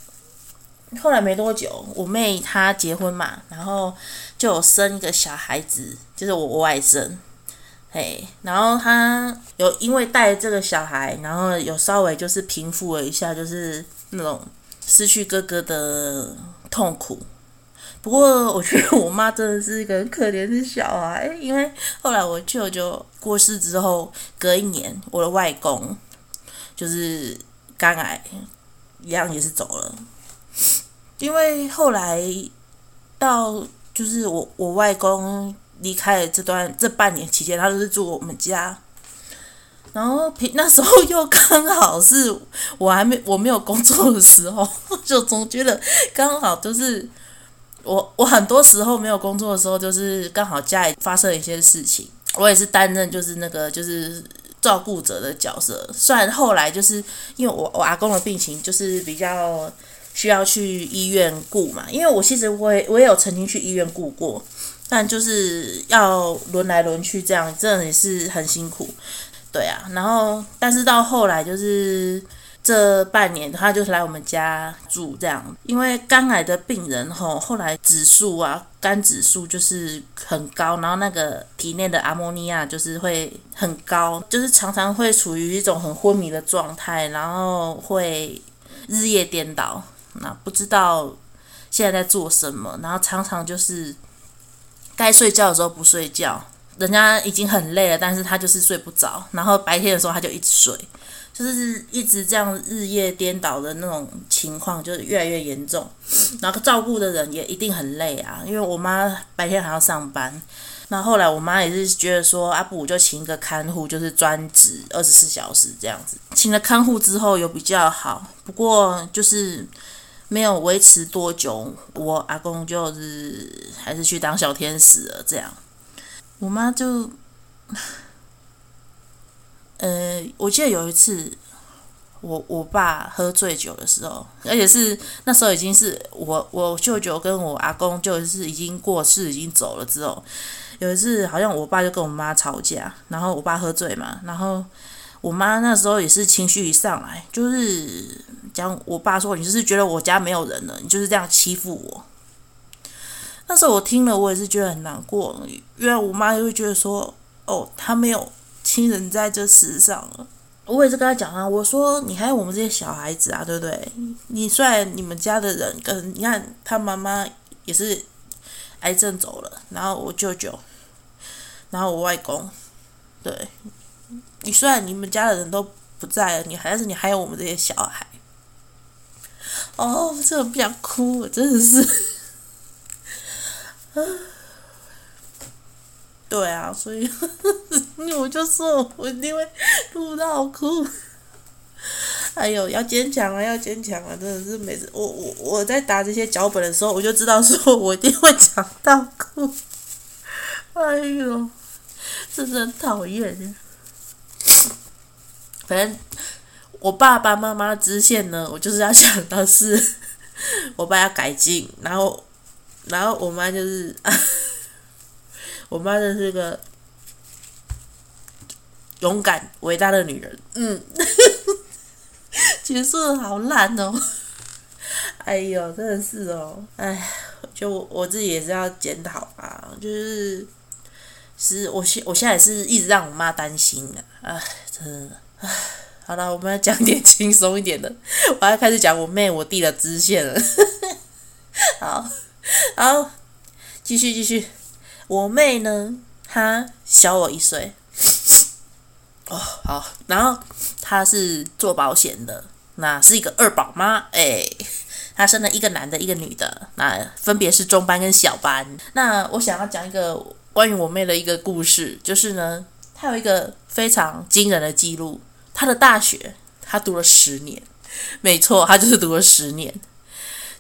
後來沒多久，我妹她結婚嘛，然後就有生一個小孩子，就是我外甥，嘿，然後她有因為帶了這個小孩，然後有稍微就是平復了一下，就是那種失去哥哥的痛苦。不過我覺得我媽真的是一個很可憐的小孩，因為後來我舅舅過世之後，隔一年我的外公。就是肝癌一樣也是走了，因為後來到就是我我外公離開了這段這半年期間，他都是住我們家，然後平那時候又剛好是我還沒我沒有工作的時候，就總覺得剛好就是我我很多時候沒有工作的時候，就是剛好家裡發生一些事情，我也是擔任就是那個就是。照顧者的角色，雖然後來就是因為我我阿公的病情就是比較需要去醫院顧嘛，因為我其實我也我也有曾經去醫院顧過，但就是要輪來輪去這樣，這也是很辛苦，對啊，然後但是到後來就是。這半年，他就是來我們家住這樣，因為肝癌的病人吼、哦，後來指數啊，肝指數就是很高，然後那個體內的阿莫尼亞就是會很高，就是常常會處於一種很昏迷的狀態，然後會日夜顛倒，那不知道現在在做什麼，然後常常就是該睡覺的時候不睡覺，人家已經很累了，但是他就是睡不着，然後白天的時候他就一直睡。就是一直這樣日夜顛倒的那種情況，就是越來越嚴重，然後照顧的人也一定很累啊。因為我媽白天還要上班，那後，後來我媽也是覺得說，阿、啊、不，我就請一個看護，就是專職二十四小時這樣子，請了看護之後又比較好，不過就是沒有維持多久，我阿公就是還是去當小天使了，這樣，我媽就。呃，我記得有一次，我我爸喝醉酒的時候，而且是那時候已經是我我舅舅跟我阿公就是已經過世已經走了之後，有一次好像我爸就跟我媽吵架，然後我爸喝醉嘛，然後我媽那時候也是情緒一上來，就是講我爸說，你就是覺得我家沒有人了，你就是這樣欺負我。那時候我聽了我也是覺得很難過，因為我媽就會覺得說，哦，他沒有親人在這世上了，我也是跟他講啊，我說你還有我們這些小孩子啊，對不對？你雖然你們家的人跟、呃、你看他媽媽也是癌症走了，然後我舅舅、然後我外公，對，你雖然你們家的人都不在了，你還是你還有我們這些小孩。哦，真的不想哭，真的是， 對啊，所以，我就說，我一定會錄到哭。哎呦，要堅強啊，要堅強啊！真的是每次，我我我在打這些腳本的時候，我就知道說我一定會講到哭。哎呦，真的很討厭。反正我爸爸媽媽的支線呢，我就是要想到是，我爸要改進，然後，然後我媽就是。我媽真是個勇敢、偉大的女人，嗯，其實說 的好爛哦，哎呦，真的是哦，哎，就我，我自己也是要檢討啊，就是是，我現我現在也是一直讓我媽擔心啊，哎，真的，唉，好了，我們要講點輕鬆一點的，我要開始講我妹我弟的支線了，好好，繼續繼續。我妹呢？她小我一歲，哦，好，然後她是做保險的，那是一個二寶媽，誒、欸，她生了一個男的，一個女的，那分別是中班跟小班。那我想要講一個關於我妹的一個故事，就是呢，她有一個非常驚人的記錄，她的大學她讀了十年，沒錯，她就是讀了十年。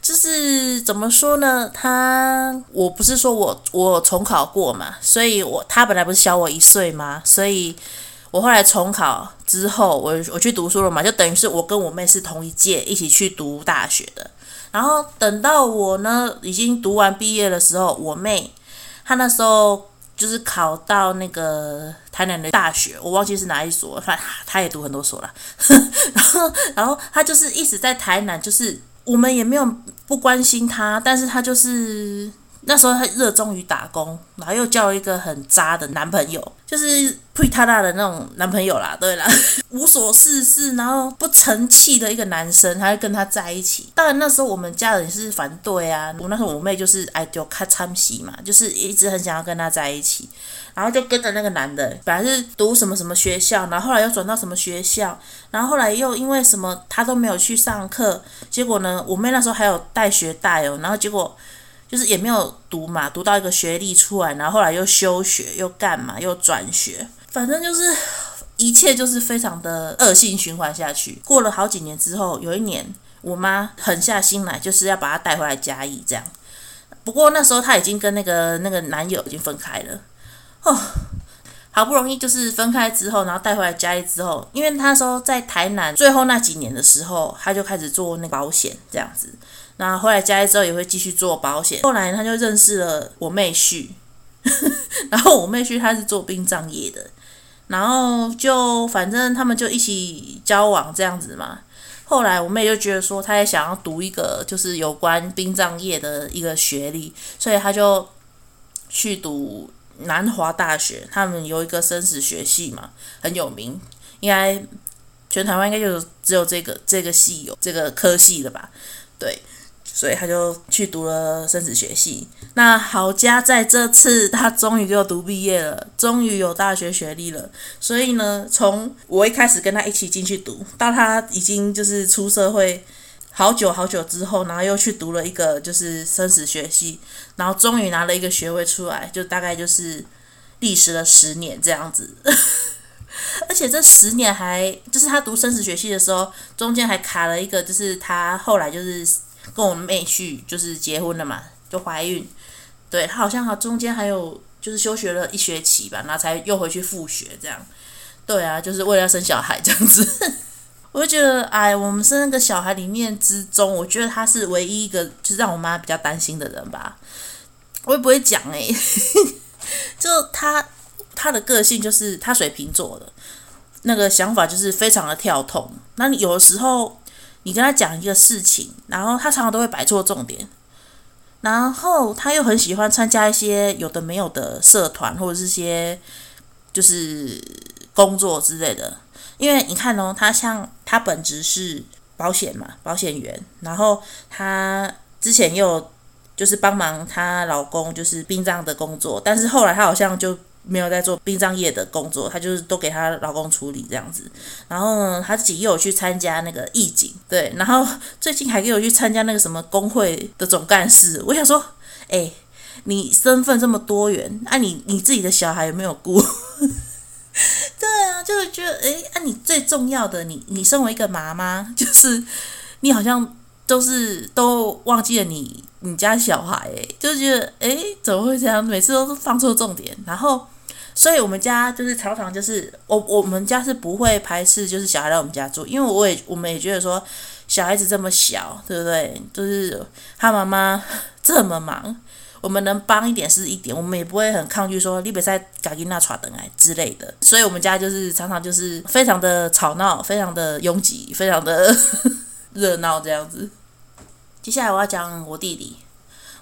就是怎麼說呢？他我不是說我我重考過嘛，所以我，我他本來不是小我一歲嘛，所以我後來重考之後，我我去讀書了嘛，就等於是我跟我妹是同一屆一起去讀大學的。然後等到我呢，已經讀完畢業的時候，我妹她那時候就是考到那個台南的大學，我忘記是哪一所，反正她也讀很多所了。 然後，然後她就是一直在台南，就是。我們也沒有不關心他，但是他就是。那時候她熱衷於打工，然後又交一個很渣的男朋友，就是屁太大的那種男朋友啦，對啦，無所事事，然後不成器的一個男生，他就跟他在一起。當然那時候我們家人是反對啊，我那時候我妹就是愛到卡慘死嘛，就是一直很想要跟他在一起，然後就跟着那個男的，本來是讀什麼什麼學校，然後後來又轉到什麼學校，然後後來又因為什麼他都沒有去上課，結果呢，我妹那時候還有貸學貸哦，然後結果。就是也沒有讀嘛，讀到一個學歷出來，然後後來又休學，又幹嘛，又轉學，反正就是一切就是非常的惡性循環下去。過了好幾年之後，有一年我媽狠下心來，就是要把她帶回來嘉義這樣。不過那時候她已經跟那個那個男友已經分開了，哦，好不容易就是分開之後，然後帶回來嘉義之後，因為她說在台南最後那幾年的時候，她就開始做那保險這樣子。那後回來嫁了之後也會繼續做保險。後來他就認識了我妹婿，呵呵然後我妹婿他是做殯葬業的，然後就反正他們就一起交往這樣子嘛。後來我妹就覺得說，他也想要讀一個就是有關殯葬業的一個學歷，所以他就去讀南華大學。他們有一個生死學系嘛，很有名，應該全台灣應該就只有這個這個系有這個科系了吧？對。所以他就去讀了生死學系。那好加在這次他終於就讀畢業了，終於有大學學歷了。所以呢，從我一開始跟他一起進去讀，到他已經就是出社會好久好久之後，然後又去讀了一個就是生死學系，然後終於拿了一個學位出來，就大概就是歷時了十年這樣子。 而且這十年還就是他讀生死學系的時候，中間還卡了一個，就是他後來就是。跟我們妹去，就是結婚了嘛，就懷孕，對她好像中間還有就是休學了一學期吧，然後才又回去復學這樣，對啊，就是為了要生小孩這樣子。 我就覺得哎，我們生那個小孩裡面之中，我覺得她是唯一一個就是讓我媽比較擔心的人吧。我也不會講哎、欸， 就她她的個性就是她水瓶座的，那個想法就是非常的跳痛，那你有的時候。你跟他講一個事情，然後他常常都會擺錯重點。然後他又很喜歡參加一些有的沒有的社團，或者是些就是工作之類的。因為你看哦，他像他本職是保險嘛，保險員。然後他之前又就是幫忙她老公就是殯葬的工作，但是後來他好像就。沒有在做殯葬業的工作，她就是都給她老公處理這樣子。然後呢，她自己又有去參加那個義警，對。然後最近還給我去參加那個什麼工會的總幹事。我想說，哎，你身份這麼多元，那、啊、你你自己的小孩有沒有顧？對啊，就是覺得，哎，啊，你最重要的你，你你身為一個媽媽，就是你好像。都是都忘記了你你家小孩，就覺得哎、欸、怎麼會這樣？每次都是放錯重點，然後所以我們家就是常常，就是我我們家是不會排斥就是小孩來我們家住，因為我也我們也覺得說小孩子這麼小，對不對？就是他媽媽這麼忙，我們能幫一點是一點，我們也不會很抗拒說你別再搞那啥等哎之類的。所以我們家就是常常就是非常的吵鬧，非常的擁擠，非常的熱鬧這樣子。接下來我要講我弟弟。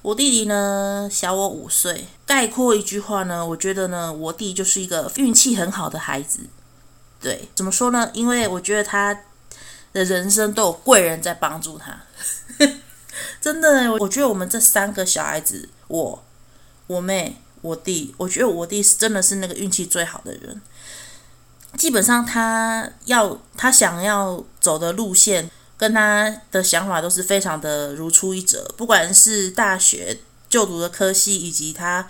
我弟弟呢，小我五歲。概括一句話呢，我覺得呢，我弟就是一個運氣很好的孩子。對，怎麼說呢？因為我覺得他的人生都有貴人在幫助他。 真的，我覺得我們這三個小孩子，我、我妹、我弟，我覺得我弟是真的是那個運氣最好的人。基本上，他要他想要走的路線。跟他的想法都是非常的如出一轍，不管是大學就讀的科系，以及他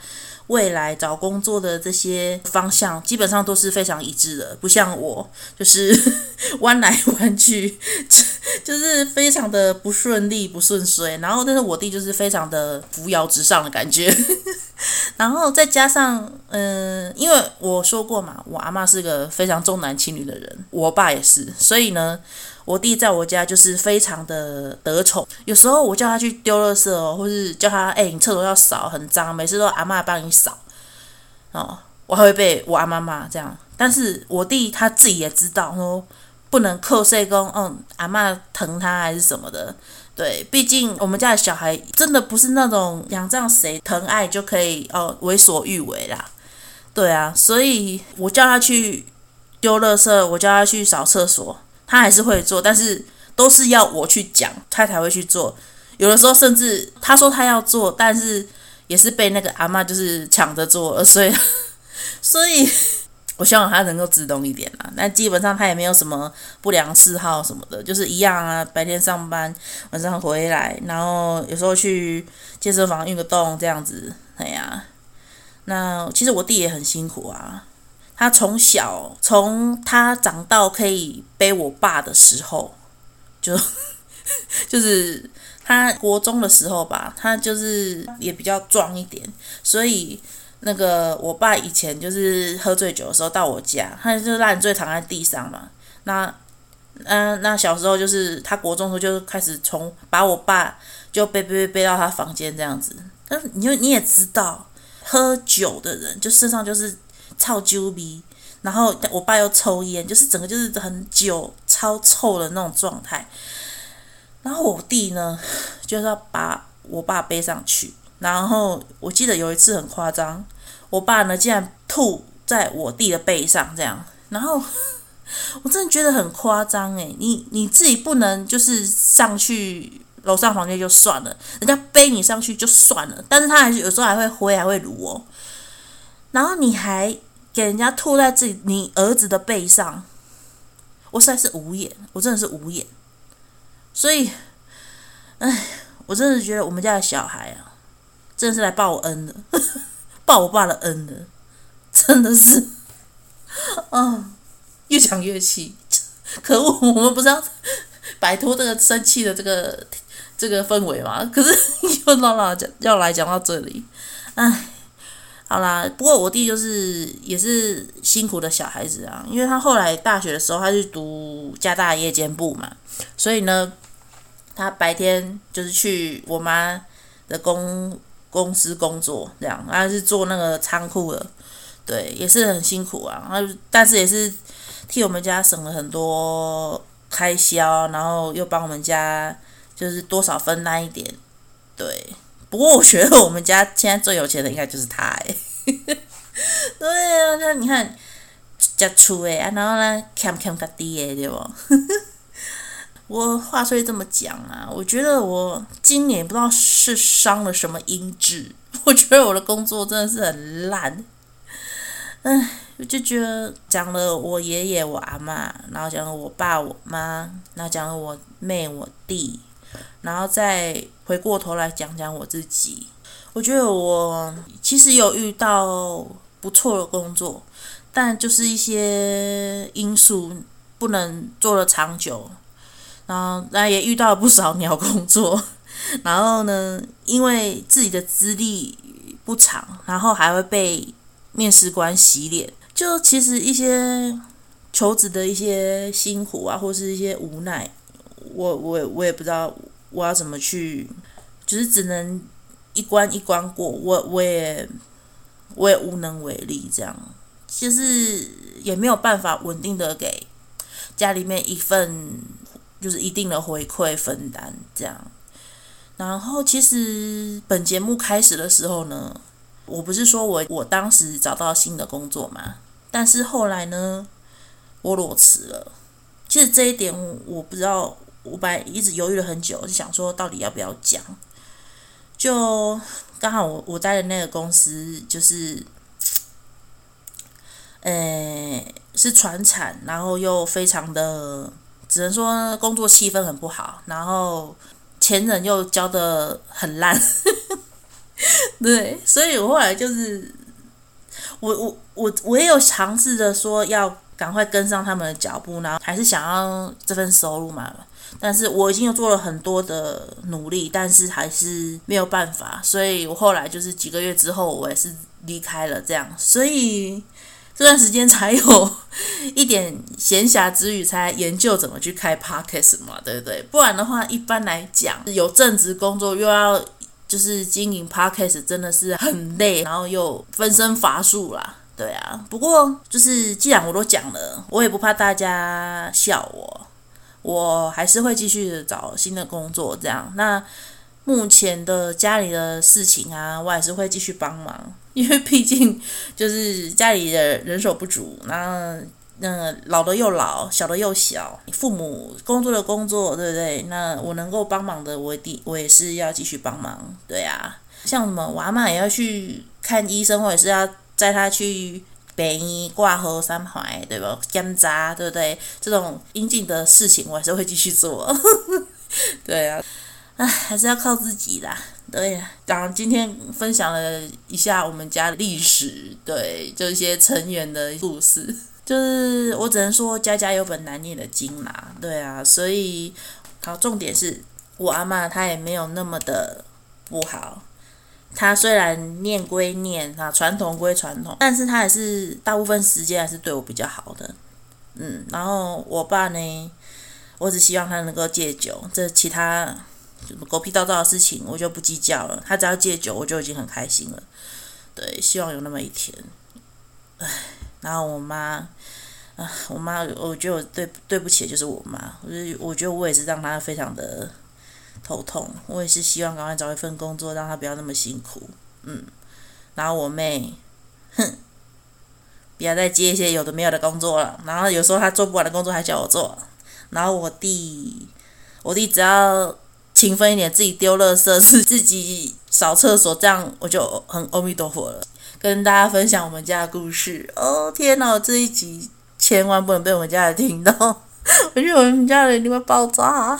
未來找工作的這些方向，基本上都是非常一致的。不像我，就是彎來彎去，就是非常的不順利、不順遂。然後，但是我弟就是非常的扶搖直上的感覺。然後再加上，嗯，因為我說過嘛，我阿嬤是個非常重男輕女的人，我爸也是，所以呢。我弟在我家就是非常的得寵，有時候我叫他去丟垃圾哦，或是叫他誒、欸，你廁所要掃，很髒，每次都阿嬤幫你掃哦，我還會被我阿嬤罵這樣。但是我弟他自己也知道哦，不能扣碎工，嗯，阿嬤疼他還是什麼的。對，畢竟我們家的小孩真的不是那種仰仗誰疼愛就可以哦為所欲為啦。對啊，所以我叫他去丟垃圾，我叫他去掃廁所。他還是會做，但是都是要我去講，他才會去做。有的時候甚至他說他要做，但是也是被那個阿嬤就是搶着做，所以 所以我希望他能夠自動一點啦。那基本上他也沒有什麼不良嗜好什麼的，就是一樣啊，白天上班，晚上回來，然後有時候去健身房運個動這樣子，哎呀、啊。那其實我弟也很辛苦啊。他從小，從他長到可以背我爸的時候，就就是他國中的時候吧，他就是也比較壯一點，所以那個我爸以前就是喝醉酒的時候到我家，他就爛醉躺在地上嘛。那嗯、呃，那小時候就是他國中的時候就開始從把我爸就背背背到他房間這樣子。但你就你也知道，喝酒的人就身上就是。超揪鼻，然後我爸又抽煙，就是整個就是很久超臭的那種狀態。然後我弟呢，就是要把我爸背上去。然後我記得有一次很誇張，我爸呢竟然吐在我弟的背上，這樣。然後我真的覺得很誇張誒、欸，你你自己不能就是上去樓上房間就算了，人家背你上去就算了，但是他還是有時候還會灰，還會擼我。然後你還。給人家吐在自己你兒子的背上，我實在是無言，我真的是無言，所以，哎，我真的覺得我們家的小孩啊，真的是來報恩的呵呵，報我爸的恩的，真的是，嗯、哦，越講越氣，可惡！我們不是要擺脫這個生氣的這個這個氛圍嗎？可是又老老講要來講到這裡，哎。好啦，不過我弟就是也是辛苦的小孩子啊，因為他後來大學的時候，他去讀嘉大夜間部嘛，所以呢，他白天就是去我媽的公公司工作，這樣，他是做那個倉庫的，對，也是很辛苦啊。但是也是替我們家省了很多開銷，然後又幫我們家就是多少分擔一點，對。不過我覺得我們家現在最有錢的應該就是他哎。 對啊，那你看，家粗哎，然後呢，cam cam 他爹對不？ 我話雖這麼講啊，我覺得我今年不知道是傷了什麼音質，我覺得我的工作真的是很爛，哎，我就覺得講了我爺爺我阿嬤，然後講了我爸我媽，那講了我妹我弟。然後再回過頭來講講我自己，我覺得我其實有遇到不錯的工作，但就是一些因素不能做了長久，然後那也遇到了不少鳥工作，然後呢，因為自己的資歷不長，然後還會被面試官洗臉，就其實一些求職的一些辛苦啊，或是一些無奈。我我也我也不知道我要怎麼去，就是只能一關一關過，我我也我也無能為力，這樣就是也沒有辦法穩定的給家裡面一份就是一定的回饋分擔這樣。然後其實本節目開始的時候呢，我不是說我我當時找到新的工作嘛，但是後來呢，我裸辭了。其實這一點我不知道。我本來一直猶豫了很久，就想說到底要不要講。就剛好我我待的那個公司，就是，呃、欸，是傳產，然後又非常的，只能說工作氣氛很不好，然後前人又教得很爛， 對，所以我後來就是，我我我我也有嘗試着說要。趕快跟上他們的腳步，然後還是想要這份收入嘛。但是我已經又做了很多的努力，但是還是沒有辦法。所以我後來就是幾個月之後，我也是離開了這樣。所以這段時間才有 一點閒暇之餘，才研究怎麼去開 podcast 嘛，對不對？不然的話，一般來講有正職工作又要就是經營 podcast，真的是很累，然後又分身乏術啦。對啊，不過就是既然我都講了，我也不怕大家笑我，我還是會繼續找新的工作，這樣。那目前的家裡的事情啊，我還是會繼續幫忙，因為畢竟就是家裡的人手不足，那那老的又老，小的又小，父母工作的工作，對不對？那我能夠幫忙的我，我一定我也是要繼續幫忙。對啊，像什麼娃嘛也要去看醫生，或者是要。載他去北醫掛號三環，對吧？檢查對不對？這種應盡的事情，我還是會繼續做。 對啊，唉、啊，還是要靠自己啦。對啊，然後今天分享了一下我們家歷史，對這些成員的故事，就是我只能說家家有本難念的經嘛。對啊，所以好，重點是我阿嬤她也沒有那麼的不好。他雖然念歸念，那傳統歸傳統，但是他還是大部分時間還是對我比較好的，嗯，然後我爸呢，我只希望他能夠戒酒，這其他什麼狗屁倒灶的事情我就不計較了，他只要戒酒我就已經很開心了，對，希望有那麼一天，唉，然後我媽，啊，我媽，我覺得我對對不起的就是我媽，我我覺得我也是讓她非常的。頭痛，我也是希望趕快找一份工作，讓他不要那麼辛苦。嗯，然後我妹，哼，不要再接一些有的沒有的工作了。然後有時候他做不完的工作還叫我做。然後我弟，我弟只要勤奮一點，自己丟垃圾，自己掃廁所，這樣我就很阿彌陀佛了。跟大家分享我們家的故事。哦天哪，這一集千萬不能被我們家人聽到，我覺得我們家人一定會爆炸。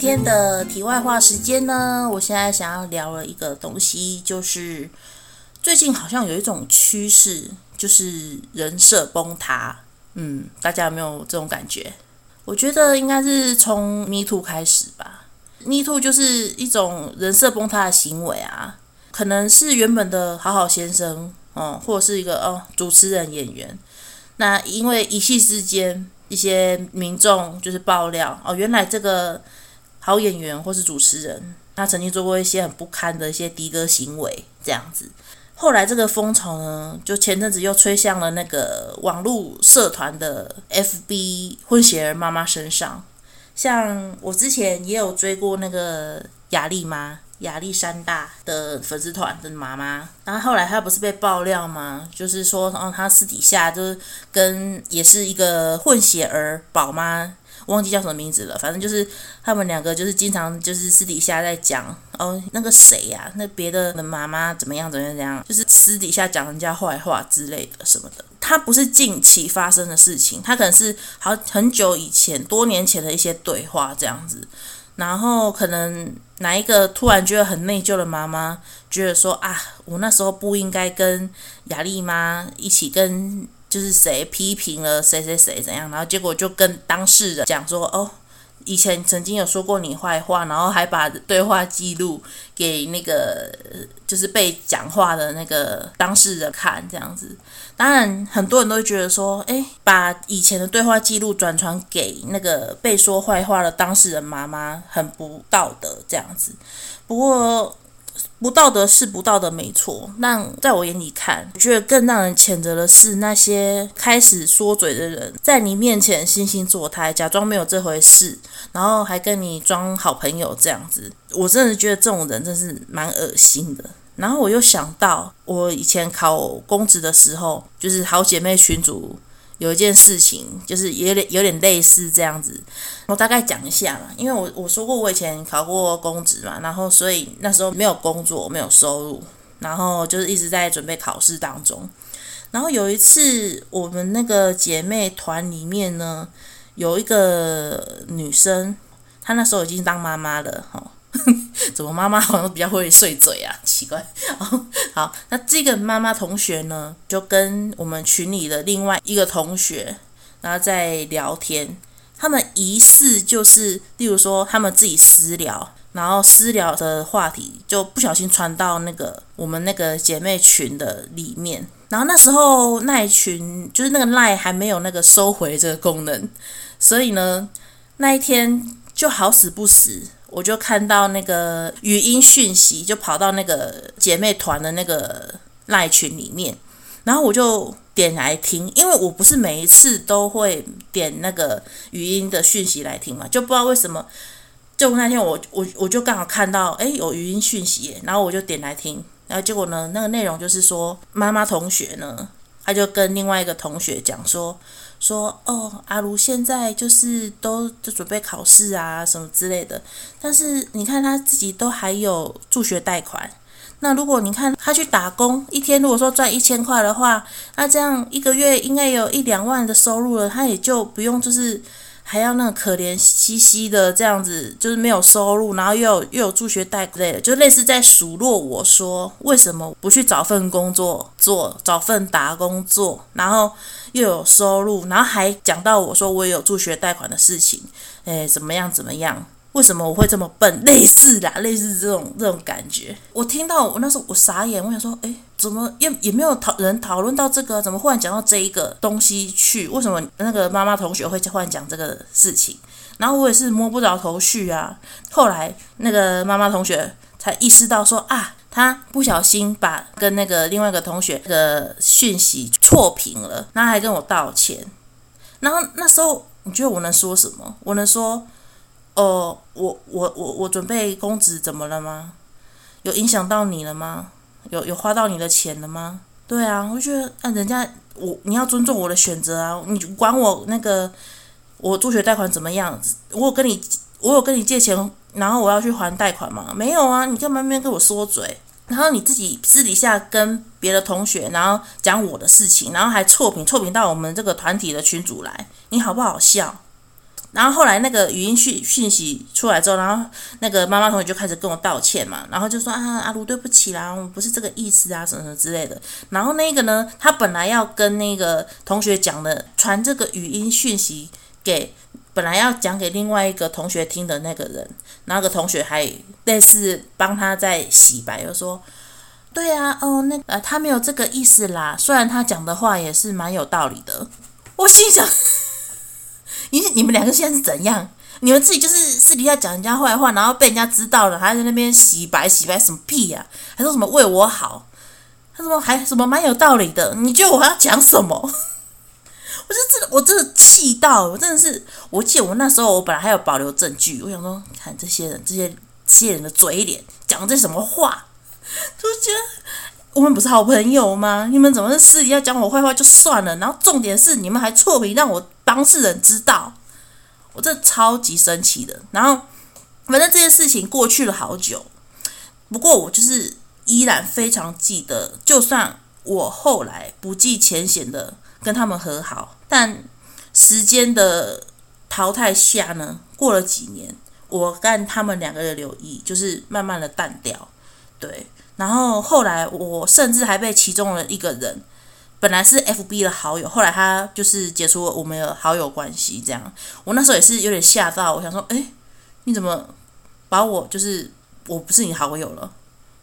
今天的題外話時間呢，我現在想要聊了一個東西，就是最近好像有一種趨勢，就是人設崩塌。嗯，大家有沒有這種感覺？我覺得應該是從 MeToo 開始吧。MeToo 就是一種人設崩塌的行為啊，可能是原本的好好先生，嗯，或者是一個哦主持人演員。那因為一夕之間，一些民眾就是爆料，哦，原來這個。好演員或是主持人，他曾經做過一些很不堪的一些低格行為，這樣子。後來這個風潮呢，就前陣子又吹向了那個網絡社團的 FB 混血兒媽媽身上。像我之前也有追過那個亞歷媽、亞歷山大的粉絲團的媽媽，然後後來她不是被爆料嗎？就是說，哦，她私底下就是跟也是一個混血兒寶媽。忘記叫什麼名字了，反正就是他們兩個，就是經常就是私底下在講哦，那個誰呀、啊，那別的的媽媽怎麼樣怎麼樣怎麼樣，就是私底下講人家壞話之類的什麼的。他不是近期發生的事情，他可能是好很久以前、多年前的一些對話這樣子。然後可能哪一個突然覺得很內疚的媽媽，覺得說啊，我那時候不應該跟雅麗媽一起跟。就是誰批評了誰誰誰怎樣，然後結果就跟當事人講說，哦，以前曾經有說過你壞話，然後還把對話記錄給那個就是被講話的那個當事人看這樣子。當然很多人都會覺得說，哎，把以前的對話記錄轉傳給那個被說壞話的當事人媽媽，很不道德這樣子。不過。不道德是不道德，沒錯。那在我眼裡看，我覺得更讓人譴責的是那些開始說嘴的人，在你面前惺惺作態，假裝沒有這回事，然後還跟你裝好朋友這樣子。我真的覺得這種人真是蠻噁心的。然後我又想到，我以前考公職的時候，就是好姐妹群主。有一件事情，就是有點有點類似這樣子，我大概講一下嘛，因為我我說過我以前考過公職嘛，然後所以那時候沒有工作，沒有收入，然後就是一直在準備考試當中。然後有一次，我們那個姐妹團裡面呢，有一個女生，她那時候已經當媽媽了，哈。怎麼？媽媽好像比較會碎嘴啊，奇怪好。好，那這個媽媽同學呢，就跟我們群裡的另外一個同學，然後在聊天。他們疑似就是，例如說他們自己私聊，然後私聊的話題就不小心傳到那個我們那個姐妹群的裡面。然後那時候那一群，就是那個賴還沒有那個收回這個功能，所以呢，那一天就好死不死。我就看到那個語音訊息，就跑到那個姐妹團的那個賴群裡面，然後我就點來聽，因為我不是每一次都會點那個語音的訊息來聽嘛，就不知道為什麼，就那天我我我就剛好看到，哎，有語音訊息，然後我就點來聽，然後，啊，結果呢，那個內容就是說，媽媽同學呢，她就跟另外一個同學講說，說哦，阿如現在就是都就準備考試啊，什麼之類的。但是你看他自己都還有助學貸款。那如果你看他去打工，一天如果說賺一千塊的話，那這樣一個月應該有一兩萬的收入了，他也就不用就是。還要那個可憐兮兮的這樣子，就是沒有收入，然後又有又有助學貸款類的，就類似在數落我說為什麼不去找份工作做，找份打工做，然後又有收入，然後還講到我說我有助學貸款的事情，哎，怎麼樣怎麼樣？為什麼我會這麼笨？類似啦，類似這種這種感覺。我聽到我那時候我傻眼，我想說，誒，怎麼也也沒有討人討論到這個？怎麼忽然講到這一個東西去？為什麼那個媽媽同學會忽然講這個事情？然後我也是摸不着頭緒啊。後來那個媽媽同學才意識到說啊，他不小心把跟那個另外一個同學的訊息錯平了，然後還跟我道歉。然後那時候你覺得我能說什麼？我能說？哦、oh，我我我我準備工資怎麼了嗎？有影響到你了嗎？有有花到你的錢了嗎？對啊，我就覺得啊，人家我你要尊重我的選擇啊，你管我那個我助學貸款怎麼樣子？我有跟你我有跟你借錢，然後我要去還貸款嗎？沒有啊，你幹嘛沒跟我說嘴？然後你自己私底下跟別的同學，然後講我的事情，然後還臭貧臭貧到我們這個團體的群組來，你好不好笑？然後後來那個語音訊訊息出來之後，然後那個媽媽同學就開始跟我道歉嘛，然後就說啊，阿茹對不起啦，我們不是這個意思啊，什麼什麼之類的。然後那個呢，他本來要跟那個同學講的，傳這個語音訊息給，本來要講給另外一個同學聽的那個人，那個同學還類似幫他在洗白，又說對啊，哦，那呃，他沒有這個意思啦，雖然他講的話也是蠻有道理的，我心想。你你們兩個現在是怎樣？你們自己就是私底下講人家壞話，然後被人家知道了，還在那邊洗白洗白什麼屁呀，啊？還說什麼為我好？他還說還什麼蠻有道理的？你覺得我還要講什麼？ 我是真的，我真的氣到，我真的是我記得我那時候我本來還有保留證據，我想說，看這些人這些這些人的嘴臉，講這什麼話？就覺得。我們不是好朋友嗎？你們怎麼是私底下講我壞話就算了，然後重點是你們還錯評，讓我當事人知道，我真的超級生氣的。然後反正這件事情過去了好久，不過我就是依然非常記得，就算我後來不計前嫌的跟他們和好，但時間的淘汰下呢，過了幾年，我跟他們兩個人的友誼就是慢慢的淡掉，對。然後後來我甚至還被其中的一個人，本來是 FB 的好友，後來他就是解除了我們的好友關係。這樣，我那時候也是有點嚇到，我想說，哎，你怎麼把我就是我不是你好友了？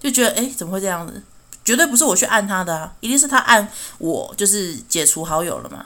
就覺得哎，怎麼會這樣子？絕對不是我去按他的啊，一定是他按我就是解除好友了嘛。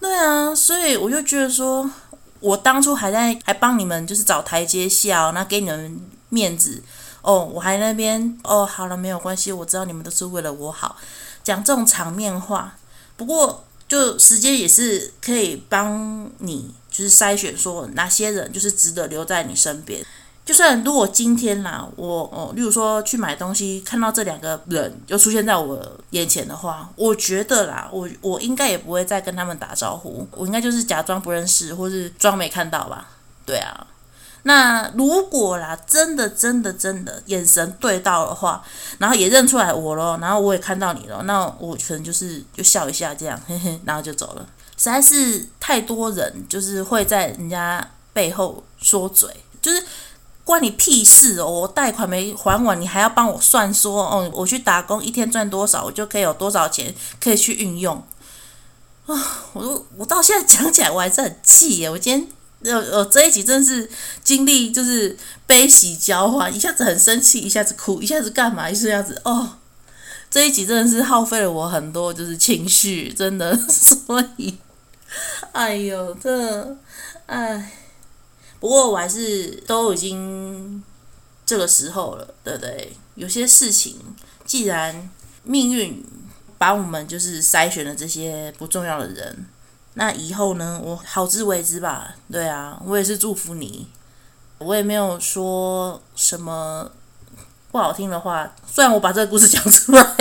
對啊，所以我就覺得說，我當初還在還幫你們就是找台階下，哦，那給你們面子。哦，我還那邊哦，好了，沒有關係，我知道你們都是為了我好，講這種場面話。不過，就時間也是可以幫你，就是篩選說哪些人就是值得留在你身邊。就算如果今天啦，我哦，例如說去買東西，看到這兩個人就出現在我眼前的話，我覺得啦，我我應該也不會再跟他們打招呼，我應該就是假裝不認識，或是裝沒看到吧？對啊。那如果啦，真的真的真的眼神對到的話，然後也認出來我咯。然後我也看到你了，那我可能就是就笑一下這樣，嘿嘿，然後就走了。實在是太多人，就是會在人家背後說嘴，就是關你屁事哦！我貸款沒還完，你還要幫我算說哦，嗯，我去打工一天賺多少，我就可以有多少錢可以去運用。啊，我我到現在講起來我還是很氣耶，我今天。哦哦，這一集真的是經歷，就是悲喜交歡，一下子很生氣，一下子哭，一下子幹嘛，就是這樣子。哦，這一集真的是耗費了我很多，就是情緒，真的。所以，哎呦，這，唉，不過我還是都已經這個時候了，對不對？有些事情，既然命運把我們就是篩選了這些不重要的人。那以後呢？我好自為之吧。對啊，我也是祝福你。我也沒有說什麼不好聽的話。雖然我把這個故事講出來了，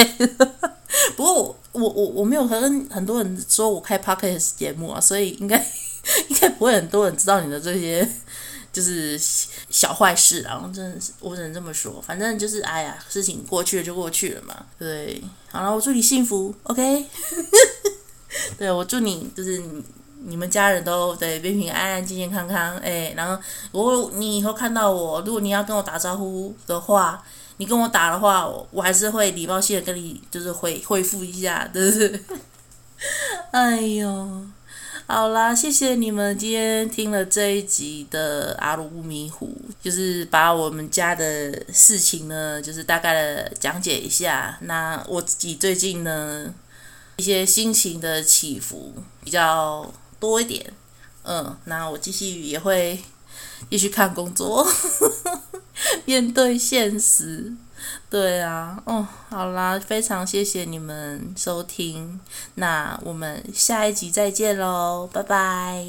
不過我我我，我沒有和很，很多人說我開 podcast 節目啊，所以應該應該不會很多人知道你的這些就是小壞事，啊。然後真的，真是我只能這麼說。反正就是，哎呀，事情過去了就過去了嘛。對，好了，我祝你幸福。OK。 對，我祝你就是你，你們家人都對平平安安、健健康康哎、欸，然後我你以後看到我，如果你要跟我打招呼的話，你跟我打的話，我，我還是會禮貌性的跟你就是回回復一下，不、就、對、是、 哎呦，好啦，謝謝你們今天聽了這一集的阿茹不迷糊，就是把我們家的事情呢，就是大概的講解一下。那我自己最近呢，一些心情的起伏比較多一點，嗯，那我繼續也會繼續看工作，呵呵，面對現實，對啊，哦，好啦，非常謝謝你們收聽，那我們下一集再見嘍，拜拜。